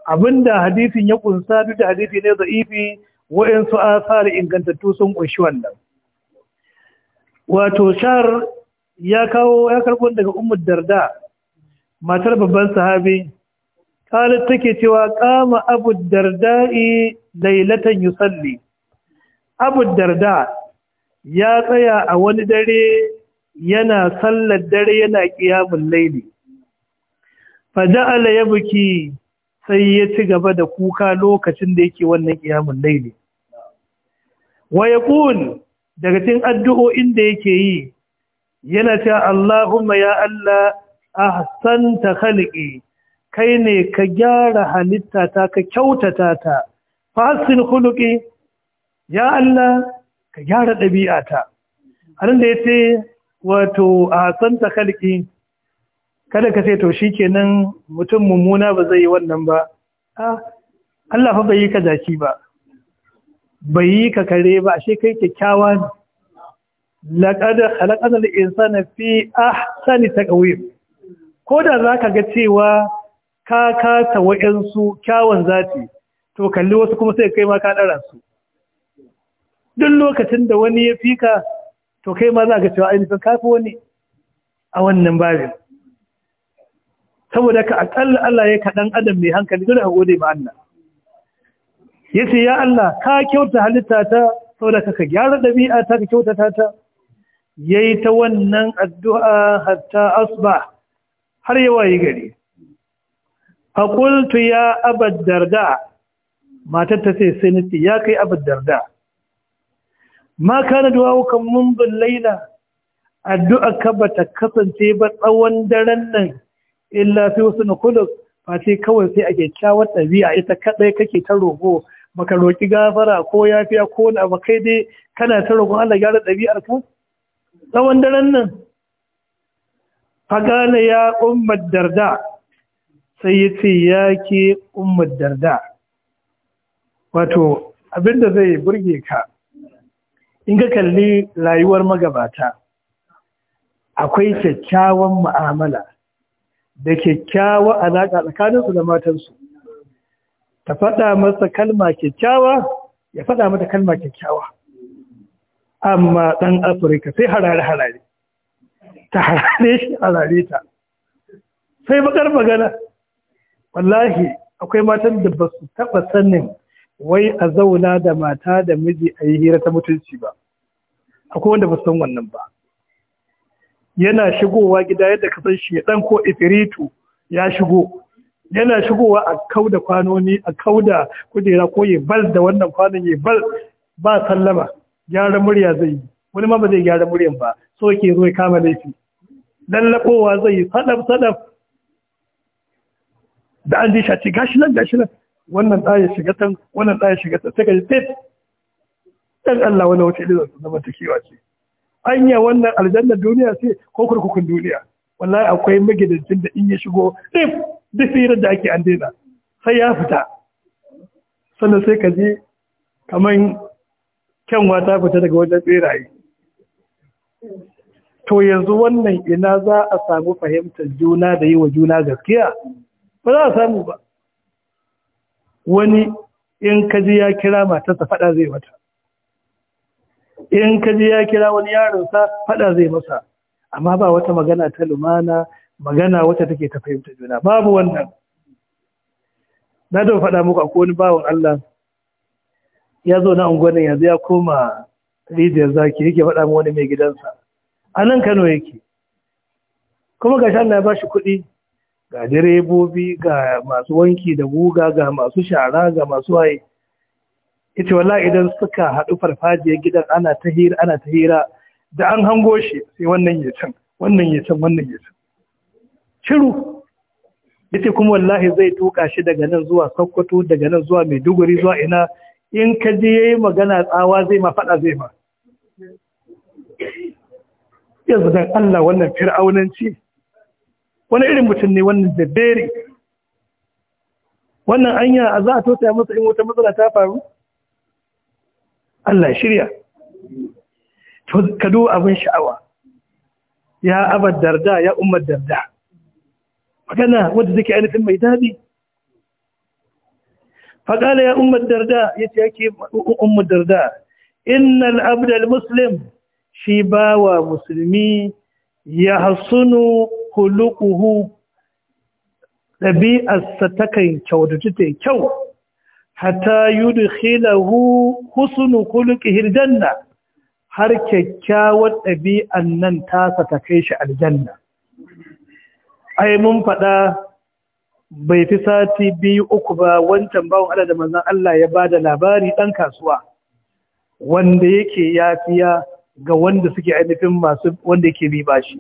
abinda hadisin ya kunsa duk da hadisi ne za'ifi. a tsari ingantattu sun ƙunshi wannan wato shahar ya kawo ya karɓo daga umar darda matar babban sahabi kalit take cewa kama abu darda'i lailatan yusalli abu darda ya tsaya a wani dare yana sallar dare yana ƙiyamun laili Fada'ala ya buki sai ya ci gaba da kuka lokacin da yake wannan kiyamun laili wa kun daga cikin addu'o'in da yake yi yana ce Allahumma ya Allah ahsanta khalqi kai ne ka gyara halitta ta ka kyautata ta fasin khuluqi ya Allah ka gyara ɗabi'ata anan da yace wato ahsanta khalqi kada ka sai to shi kenan mutum mummuna ba zai yi wannan ba Allah fa bai yi ka zaki ba bai yi ka kare ba ashe kai kyakkyawa ne laqad khalaqal insana fi ahsani taqwim ko da zaka ga cewa ka kasa wa'ansu kyawun zati to kalli wasu kuma sai kai ma ka dara su duk lokacin da wani ya fika to kai ma za ka cewa ainihin kafi wani a wannan babin saboda ka akalla Allah ya kaɗan adam mai hankali dole ka gode ma Allah yace ya Allah ka kyauta halitta ta saboda ka gyara dabi'a ta ka kyautata ta yayi ta wannan addu'a hatta asba har ya gari fa ya abaddar da, matar ta sai sai nace ya kai abaddar da. ma na du'a'uka mun mumbin laila addu'a ka bata kasance ba tsawon daren nan illa fi husn khuluq sai kawai sai a kyawar ɗabi'a ita kaɗai kake ta rogo maka roƙi gafara ko yafiya ko na ba kai dai kana ta roƙon Allah gyara dabi'ar ka tsawon daren nan fagala ya ummar darda sai ya ce ya ke ummar darda wato abinda zai burge ka in ka kalli rayuwar magabata akwai kyakkyawan mu'amala da kyakkyawa a alaƙa tsakaninsu da matansu ta faɗa masa kalma kyakkyawa ya faɗa mata kalma kyakkyawa amma ɗan afirka sai harare-harare ta harare shi harare ta sai bakar magana wallahi akwai matan da ba su taɓa sanin wai a zauna da mata da miji a yi hira ta mutunci ba akwai wanda ba san wannan ba yana shigowa gida yadda ka san shedan ko ifiritu ya shigo yana shigowa a kauda kwanoni a kauda kujera ko ya bal da wannan kwanon ya bal ba sallama gyaran murya zai yi wani ma ba zai gyara muryan ba so ke zo ya kama laifi lallakowa zai yi sadaf sadaf da an ji shaci gashi nan gashi nan wannan ɗaya shiga tan wannan ɗaya shiga tan sai ka ji tit dan Allah wani zama ta zamantakewa ce anya wannan aljannar duniya ce ko kurkukun duniya wallahi akwai magidancin da in ya shigo if duk hirar da ake an sai ya fita sannan sai ka je kaman kyanwa ta fita daga wajen beraye to yanzu wannan ina za a samu fahimtar juna da yi wa juna gaskiya ba za a samu ba wani in kaji ya kira matarsa faɗa zai mata in ka ji ya kira wani yaronsa faɗa zai masa amma ba wata magana ta lumana magana wata take ta fahimta juna babu wannan na don faɗa muku akwai wani bawan Allah ya zo na unguwannin yanzu ya koma rijiyar zaki yake fada mu wani mai gidansa a nan Kano yake kuma ga Allah ya ba shi kuɗi ga direbobi ga masu wanki da guga ga masu shara ga masu waye ita wala idan suka haɗu farfajiya gidan ana ta hira ana ta hira da an hango shi sai wannan ya can wannan ya can wannan ya can ciru yace kuma wallahi zai tuka shi daga nan zuwa Sokoto daga nan zuwa Maiduguri zuwa ina in ka je yayi magana tsawa zai ma faɗa zai ma yanzu dan Allah wannan fir'aunanci wani irin mutum ne wannan dabberi wannan anya a za a tota masa in wata matsala ta faru Allah shirya to ka duba abin sha'awa ya abar darda ya umar darda magana wadda ke ainihin mai daɗi faƙala ya umar darda ya ce yake umar darda innal abdal muslim shi ba wa musulmi ya hasunu hulukuhu ɗabi'arsa takan kyautatu ta kyau hatta yudkhilahu husnu kulki, aljanna har kyakkyawar ɗabi'an nan ta ta kai shi aljanna ai mun faɗa bai fi sati biyu uku ba wancan bawon Allah da manzan Allah ya ba da labari ɗan kasuwa wanda yake yafiya ga wanda suke ainihin masu wanda yake bi bashi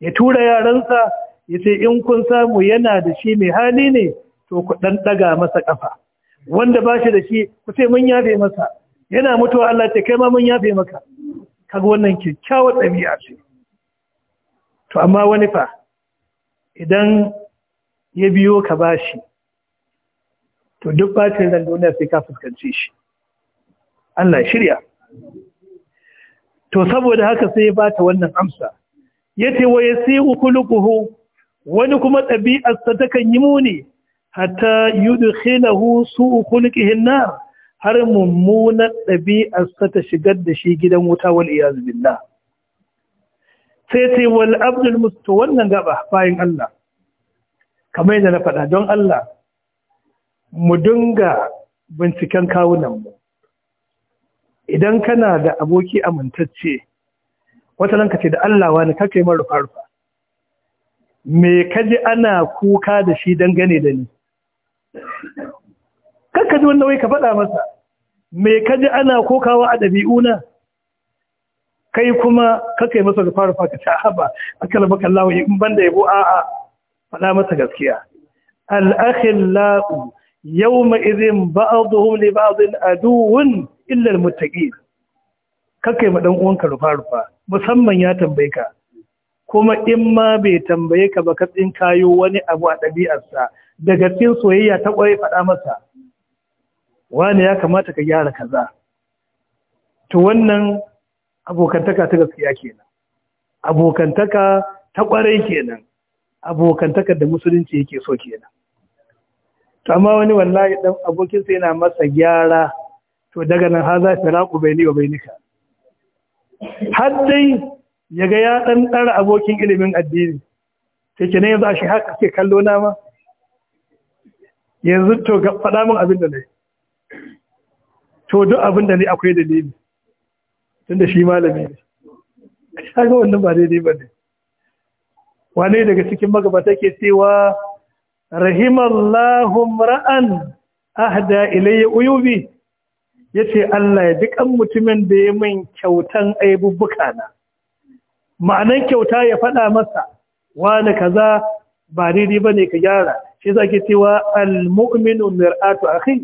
ya tura yaransa ya ce in kun samu yana da shi mai hali ne to ku ɗan ɗaga masa ƙafa wanda ba shi da shi ku ce mun yafe masa yana mutuwa Allah ta kai ma mun yafe maka kaga wannan kyakkyawar ɗabi'a ce to amma wani fa idan ya biyo ka bashi to duk bacin zan duniya sai ka fuskanci shi Allah shirya to saboda haka sai ya bata wannan amsa yace wa yasihu khuluquhu wani kuma ɗabi'arsa takan yi muni hatta yudkhilahu su'u khulqihi an-nar har mummunar ɗabi'ar ta shigar da shi gidan wuta wal iyaz billah sai ce wal abdul mustu wannan gaba bayan Allah kamar yadda na faɗa don Allah mu dinga binciken kawunan mu idan kana da aboki amintacce wata nan ka ce da Allah wani kake mara rufa-rufa me kaji ana kuka da shi dangane da ni kakka ji wannan wai ka faɗa masa me ka ji ana kokawa a ɗabi'una kai kuma kakai masa da fara faka ta haba akal baka yi in banda yabo a faɗa masa gaskiya al La'u, yau ma izin li ba'dhin aduwwun illar al Ka kakai ma ɗan uwanka rufa rufa musamman ya tambaye ka kuma in ma bai tambaye ka ba ka kayo wani abu a ɗabi'arsa daga cikin soyayya ta ƙwai faɗa masa wani ya kamata ka gyara kaza to wannan abokantaka ta gaskiya kenan abokantaka ta ƙwarai kenan abokantaka da musulunci yake so kenan to amma wani wallahi dan abokinsa yana masa gyara to daga nan har za ta raƙu bai ni ba bai nika har dai ya ga ya ɗan ɗara abokin ilimin addini sai ke yanzu a shi haka ke kallo na ma yanzu to ga faɗa min abin da na yi to duk abin da ne akwai dalili tun da shi malami ne kaga wannan ba daidai ba ne wane daga cikin magabata ke cewa rahimallahu ra'an ahda ilayya uyubi yace Allah ya ji kan mutumin da ya min kyautan aibubbuka na ma'anan kyauta ya faɗa masa wani kaza ba daidai ba ne ka gyara shi za ki cewa al-mu'minu mir'atu akhi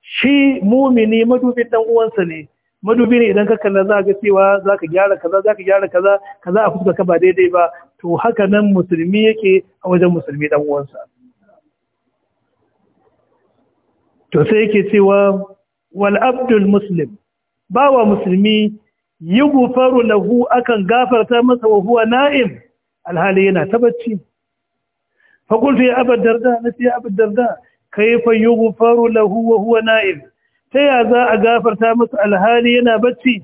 shi mumini madubin dan uwansa ne madubi ne idan ka kalla za ka cewa za ka gyara kaza za ka gyara kaza kaza a fuska ka ba daidai ba to haka nan musulmi yake a wajen musulmi dan uwansa to sai yake cewa wal abdul muslim bawa musulmi yughfaru lahu akan gafarta masa wa huwa na'im alhali yana ta fa qultu ya darda nasi ya abu darda kayfa yughfaru lahu wa huwa na'im ta ya za a gafarta masa alhali yana bacci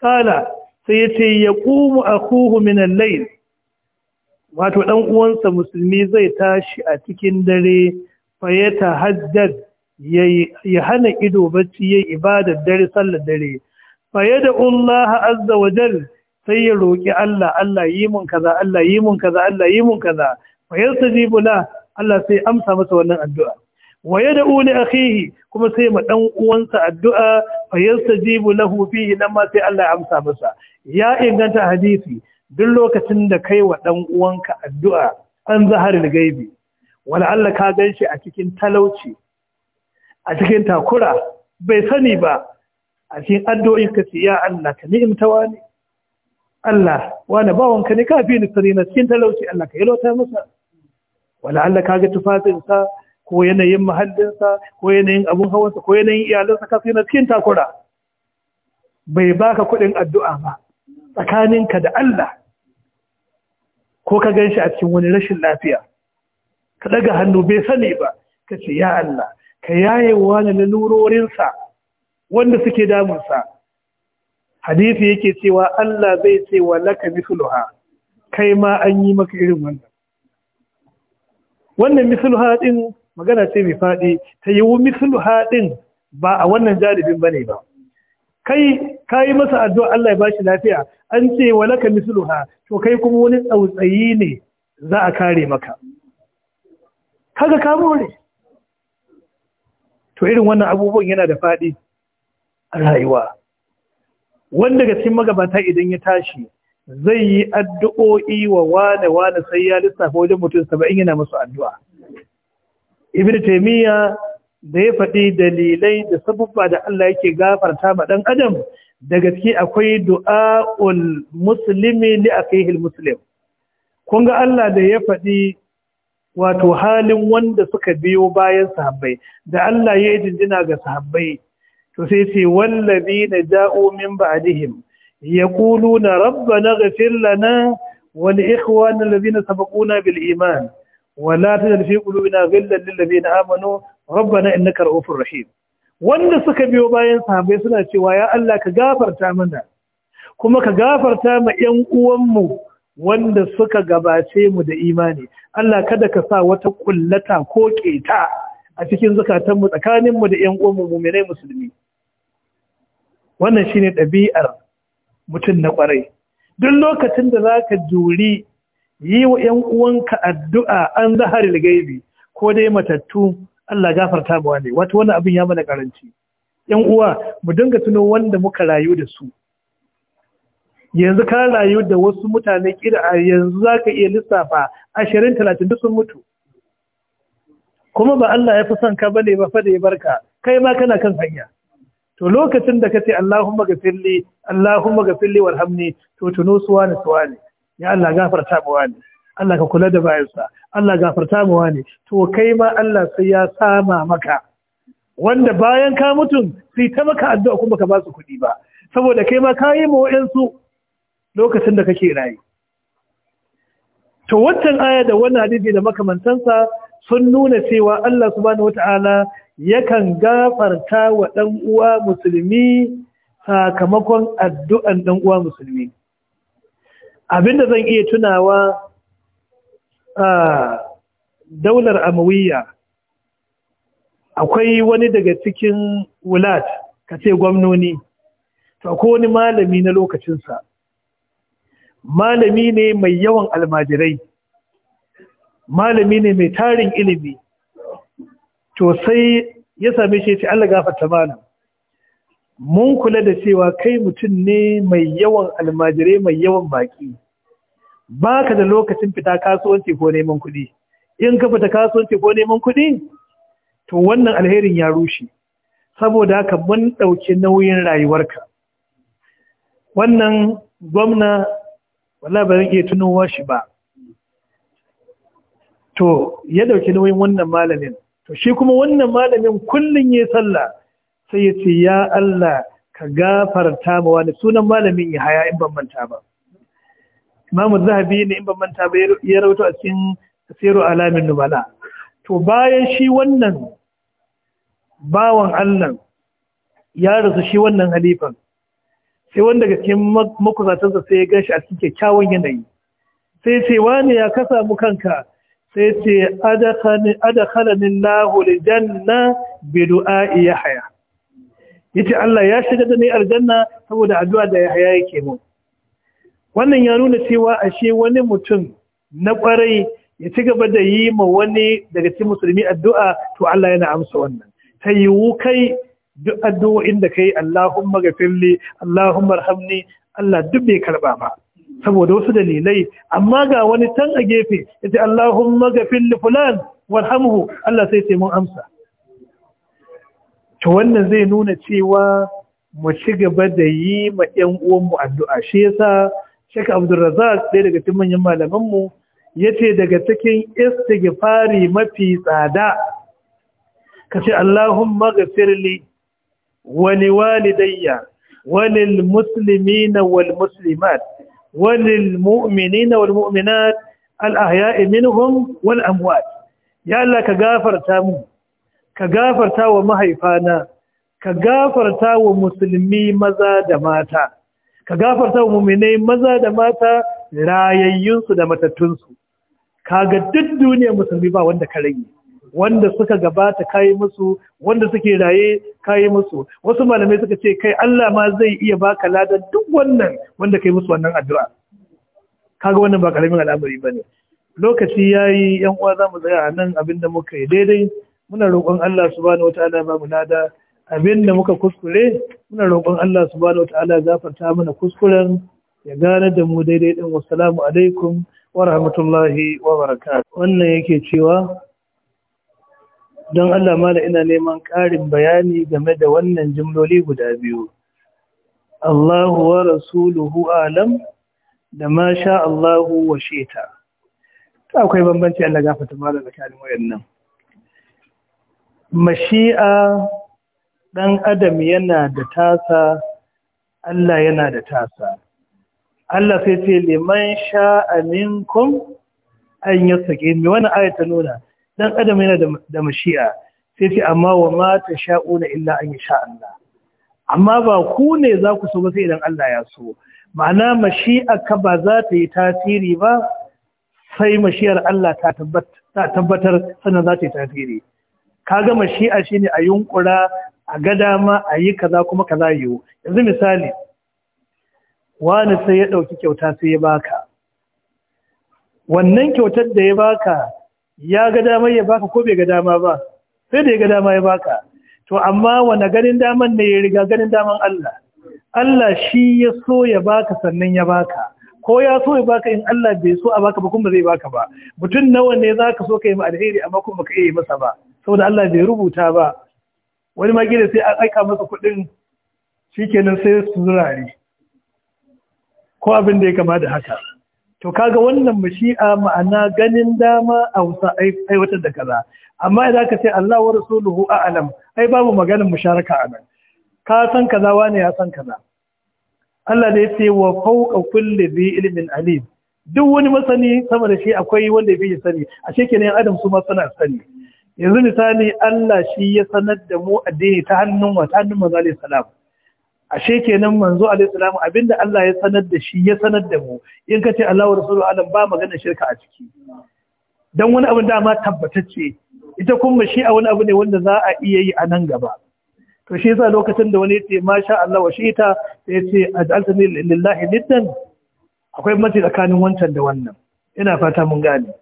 kala sai ya yace ya akuhu min al-layl wato dan uwansa musulmi zai tashi a cikin dare fa ya yayi ya hana ido bacci yayi ibadar dare sallar dare fa yad'u Allah azza wa jal sai ya roki Allah Allah yi mun kaza Allah yi mun kaza Allah yi mun kaza fa la Allah sai amsa masa wannan addu'a wa uli a akhihi kuma sai ma dan uwansa addu'a fa yastajibu lahu fihi dan ma sai Allah amsa masa ya inganta hadisi duk lokacin da kai wa dan uwanka addu'a an zaharil gaibi Allah ka gan shi a cikin talauci a cikin takura bai sani ba a cikin addu'o'in ka ce ya Allah ka ni'imta wani
Allah wa na ba ka ne
fi ni sani na cikin talauci Allah ka yi yalota masa wala Allah ka ga tufafinsa ko yanayin mahallinsa ko yanayin abun hawansa ko yanayin iyalansa ka na cikin takura bai baka kuɗin addu'a ba tsakaninka da Allah ko ka gan shi a cikin wani rashin lafiya ka ɗaga hannu bai sani ba ka ce ya Allah ka yaye wani lalurorinsa wanda suke damunsa hadisi yake cewa Allah zai ce wa laka misluha kai ma an yi maka irin wannan wannan misluha din magana ce mai faɗi ta yiwu misluha din ba a wannan jaribin bane ba kai kai masa addu'a Allah ya bashi lafiya an ce wa laka misluha to kai kuma wani tsautsayi ne za a kare maka kaga ka more to irin wannan abubuwan yana da faɗi rayuwa wanda daga cikin magabata idan ya tashi zai yi addu'o'i wa wane wane sai ya lissafa wajen mutum saba'in yana masu addu'a ibn taimiyya da ya faɗi dalilai da sabubba da Allah yake gafarta ma ɗan adam da gaske akwai du'a'ul muslimi li akhihi muslim kun ga Allah da ya faɗi wato halin wanda suka biyo bayan sahabbai da Allah ya yi jinjina ga sahabbai to sai ce wallazi na ja'o min na Rabba na gafin lana wa li ikhwana alladhina sabaquna bil iman wa la tajal na qulubina ghillan na ladina Rabba na innaka ra'ufur Rashid. wanda suka biyo bayan sahabai suna cewa ya Allah ka gafarta mana kuma ka gafarta ma yan uwanmu wanda suka gabace mu da imani Allah kada ka sa wata kullata ko keta a cikin zukatanmu tsakaninmu da ƴan uwanmu mu'minai musulmi wannan shine ɗabi'ar mutum na ƙwarai duk lokacin da za ka juri yi wa ‘yan uwanka addu'a an zahari gaibi ko dai matattu Allah gafarta ba ne wata wani abin ya mana karanci ‘yan uwa mu dinga tuno wanda muka rayu da su yanzu ka rayu da wasu mutane ƙira a yanzu za ka iya lissafa ashirin talatin duk sun mutu kuma ba Allah ya fi son ka bane ba fa da ya barka kai ma kana kan hanya to lokacin da kace Allahumma gafirli Allahumma gafirli warhamni to tuno suwa ne ya Allah gafarta mu wani Allah ka kula da bayansa Allah gafarta mu wani to kai ma Allah sai ya sama maka wanda bayan ka mutu sai ta maka addu'a kuma ka ba su kuɗi ba saboda kai ma ka yi ma lokacin da kake rayu to wancan aya da wannan hadisi da makamantansa sun nuna cewa Allah subhanahu wata'ala yakan gafarta wa ɗan uwa musulmi sakamakon addu'an ɗan uwa musulmi Abin da zan iya tunawa a daular amawiyya akwai wani daga cikin wulat ka ce gwamnoni to akwai wani malami na lokacinsa malami ne mai yawan almajirai malami ne mai tarin ilimi to sai ya same shi ce Allah gafarta mana mun kula da cewa kai mutum ne mai yawan almajirai mai yawan baki Ba ka da lokacin fita kasuwanci ko neman kuɗi in ka fita kasuwanci ko neman kuɗi to wannan alherin ya rushe saboda haka mun ɗauki nauyin rayuwarka wannan gwamna wala ba zan iya tunowa shi ba to ya ɗauki nauyin wannan malamin to shi kuma wannan malamin kullum ya sallah sai ya ce ya Allah ka gafarta ma wani sunan malamin ya haya in bambanta ba Imamu Zahabi ne in bambanta ba ya rawaito a cikin Siru Alamin Nubala to bayan shi wannan bawan Allah ya rasu shi wannan halifan sai wanda daga cikin makusatansa sai ya gashi a cikin kyakkyawan yanayi sai ce wani ya kasa mu kanka sai ce adakhalani Allahu aljanna bi du'a'i Yahya yace Allah ya shiga da ni aljanna saboda addu'a da Yahya yake mu wannan ya nuna cewa ashe wani mutum na kwarai ya ci gaba da yi ma wani daga cikin musulmi addu'a to Allah yana amsa wannan ta yiwu kai duk addu'o'in da kai Allahumma gafirli Allahumma arhamni Allah duk bai karba ba saboda wasu dalilai amma ga wani tan a gefe yace Allahumma ghafir li fulan warhamhu Allah sai ce mun amsa to wannan zai nuna cewa mu ci gaba da yi ma 'yan uwanmu addu'a shi yasa Sheikh Abdul Razzaq ɗaya daga cikin manyan malaman mu yace daga cikin istighfari mafi tsada kace Allahumma ghafirli wa liwalidayya wa lil muslimina wal muslimat وللمؤمنين والمؤمنات الأحياء منهم والأموات يا الله كغافر تامو كغافر تاو مهيفانا كغافر تاو مسلمي مزا دماتا كغافر تاو مؤمنين مزا دماتا رايين سدمتتنسو kaga duk duniyar musulmi ba wanda ka rage wanda suka gabata kayi musu wanda suke raye kayi musu wasu malamai suka ce kai Allah ma zai iya baka ladan duk wannan wanda kai musu wannan addu'a kaga wannan ba karamin al'amari bane lokaci yayi yan uwa zamu tsaya a nan abinda muka yi daidai muna roƙon Allah subhanahu wataala ba mu lada abinda muka kuskure muna roƙon Allah subhanahu wataala gafarta mana kuskuren ya gane da mu daidai din wassalamu alaikum wa rahmatullahi wa barakatuh wannan yake cewa don Allah mala ina neman ƙarin bayani game da wannan jimloli guda biyu Allahu wa rasuluhu alam da ma sha Allahu wa sheta ta akwai bambanci Allah gafata mala tsakanin wayannan mashi'a ɗan adam yana da tasa Allah yana da tasa Allah sai ce liman sha'anin kun an yi yasake mai wani ayata nuna dan adam yana da mashi'a sai ce amma wa ma tasha'una illa an yasha Allah amma ba ku ne za ku so ba sai idan Allah ya so ma'ana mashi'a ka ba za ta yi tasiri ba sai mashiyar Allah ta tabbatar sannan za ta yi tasiri kaga mashi'a shine a yunkura a gada ma, a yi kaza kuma kaza yi yanzu misali wani sai ya ɗauki kyauta sai ya baka wannan kyautar da ya baka ya ga dama ya baka ko bai ga dama ba sai da ya ga dama ya baka to amma wani ganin daman ne ya riga ganin daman Allah Allah shi ya so ya baka sannan ya baka ko ya so ya baka in Allah bai so a baka ba kuma zai baka ba mutum nawa ne zaka so ka yi alheri amma kuma baka yi masa ba saboda Allah bai rubuta ba wani ma gida sai an aika masa kuɗin shikenan sai su zurare ko abin da ya kama da haka to kaga wannan mashi'a ma'ana ganin dama a wasa aiwatar da kaza amma idan ka ce Allah wa rasuluhu a'lam ai babu maganar musharaka a nan ka san kaza wani ya san kaza Allah ne ce wa fawqa kulli bi ilmin alim duk wani masani sama da shi akwai wanda ya fi sani cikin kenan adam su ma suna sani yanzu misali Allah shi ya sanar da mu addini ta hannun wa ta hannun alaihi salam ashe kenan manzo alaihi salamu abinda Allah ya sanar da shi ya sanar da mu in ka ce Allah wa rasulu alam ba magana shirka a ciki dan wani abu dama tabbatacce ita kuma shi a wani abu ne wanda za a iya yi a nan gaba to shi yasa lokacin da wani yace masha Allah wa ita, sai yace aj'altani lillahi niddan akwai mace tsakanin wancan da wannan ina fata mun gane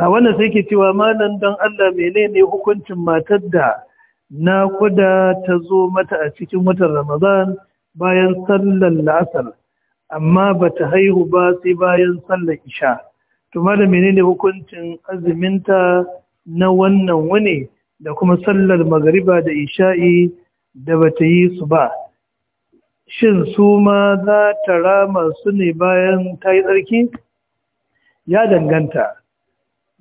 a wannan sai ke cewa malan dan Allah menene hukuncin matar da naƙuda ta zo mata a cikin watan Ramadan bayan sallar la'asar, amma ba ta haihu ba sai bayan sallar isha. Tuma da menene hukuncin azuminta na wannan wani da kuma sallar magariba da isha'i da ba ta yi su ba. Shin su ma za ta rama su ne bayan ta yi tsarki? Ya danganta.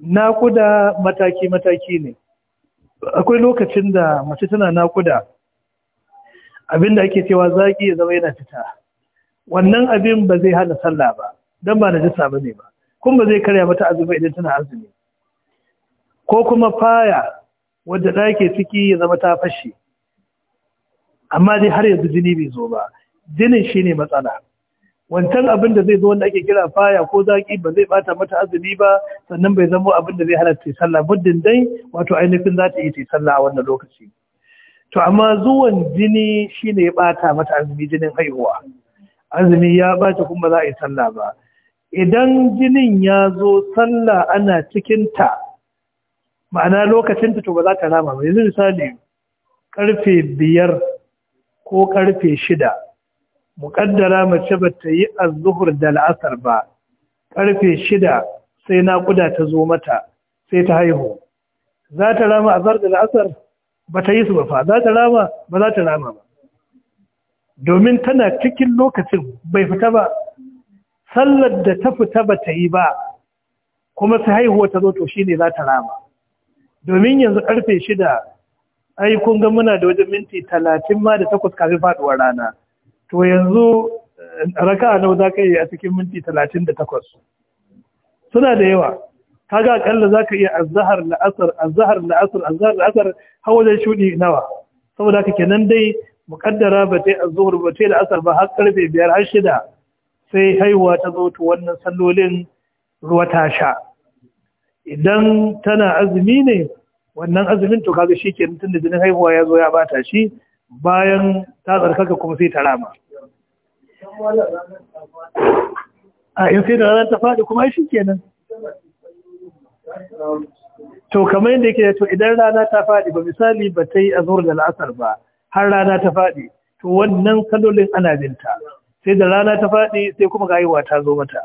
Naƙuda mataki-mataki ne. akwai lokacin da mace tana nakuda abinda ake cewa zaki ya zama yana fita wannan abin ba zai hana sallah ba dan ba najasa bane ba ba zai karya mata azumi idan tana azumi ko kuma faya wadda yake ciki ya zama ta fashe amma dai har yanzu jini bai zo ba jinin shine matsala
wancan abin
da zai zo wanda ake kira faya ko zaki ba zai bata mata azumi ba sannan bai zama abin da zai hana ta sallah muddin dai wato ainihin za ta yi ta sallah a wannan lokaci to amma zuwan jini shine ya bata mata azumi jinin haihuwa azumi ya bata kuma za a yi sallah ba idan jinin ya zo sallah ana cikin ta ma'ana lokacin ta to ba za ta rama ba yanzu misali karfe biyar ko karfe shida muƙaddara mace ba ta yi azuhur da la'asar ba ƙarfe shida sai naƙuda ta zo mata sai ta haihu za ta rama azar da la'asar ba ta yi su ba fa za ta rama ba za ta rama ba domin tana cikin lokacin bai fita ba sallar da ta fita ba ta yi ba kuma sai haihuwa ta zo to ne za ta rama domin yanzu karfe shida ai kun ga muna da wajen minti talatin ma da takwas kafin faɗuwar rana to yanzu raka nawa za ka yi a cikin minti talatin da takwas suna da yawa kaga akalla za ka iya azahar la'asar azahar la'asar azahar la'asar har wajen shuɗi nawa saboda ka kenan dai muƙaddara ba ta yi azuhur ba ta yi la'asar ba har karfe biyar har shida sai haihuwa ta zo to wannan sallolin ruwa ta sha idan tana azumi ne wannan azumin to kaga shi kenan tun da jinin haihuwa ya zo ya bata shi bayan ta tsarkaka kuma sai ta rama a in sai da rana ta faɗi kuma shi kenan to kamar yadda yake to idan rana ta faɗi ba misali ba ta yi a zuwa da la'asar ba har rana ta faɗi to wannan salolin ana binta sai da rana ta faɗi sai kuma wa ta zo mata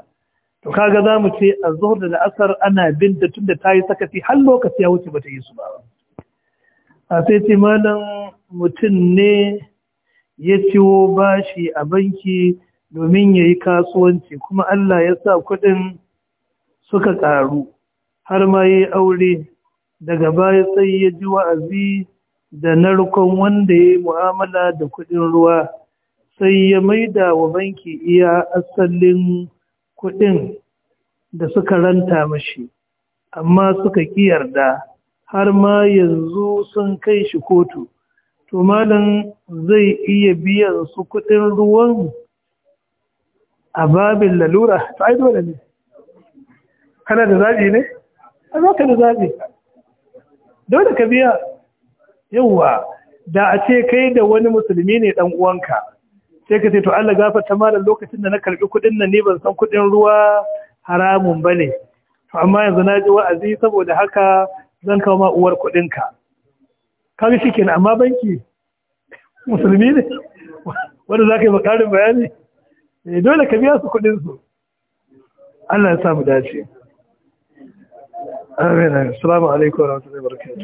to kaga za mu ce a zuwa da la'asar ana binta tun da ta yi sakaci har lokaci ya wuce ba ta yi su ba a sai malam mutum ne ya ciwo bashi a banki domin ya yi kasuwanci kuma Allah ya sa kuɗin suka ƙaru har ma ya yi aure daga baya sai ya ji wa'azi da narkon wanda ya yi mu'amala da kuɗin ruwa sai ya maida wa banki iya asalin kuɗin da suka ranta mashi amma suka ƙi yarda har ma yanzu sun kai shi kotu to malam zai iya biyan su kudin ruwan a babin lalura to ai dole ne kana da zaɓi ne a za ka da zaɓi dole ka biya yauwa da a ce kai da wani musulmi ne ɗan uwanka sai ka ce to Allah gafarta malam lokacin da na karɓi kuɗin nan ne ban san kuɗin ruwa haramun ba ne to amma yanzu na ji wa'azi saboda haka zan kawo ma uwar kuɗinka kaga shi kenan amma banki musulmi ne wanda za ka yi makarin bayani eh, dole ka biya su kuɗinsu Allah ya samu dace. Amin. Assalamu alaikum wa rahmatullahi wa barakatuh.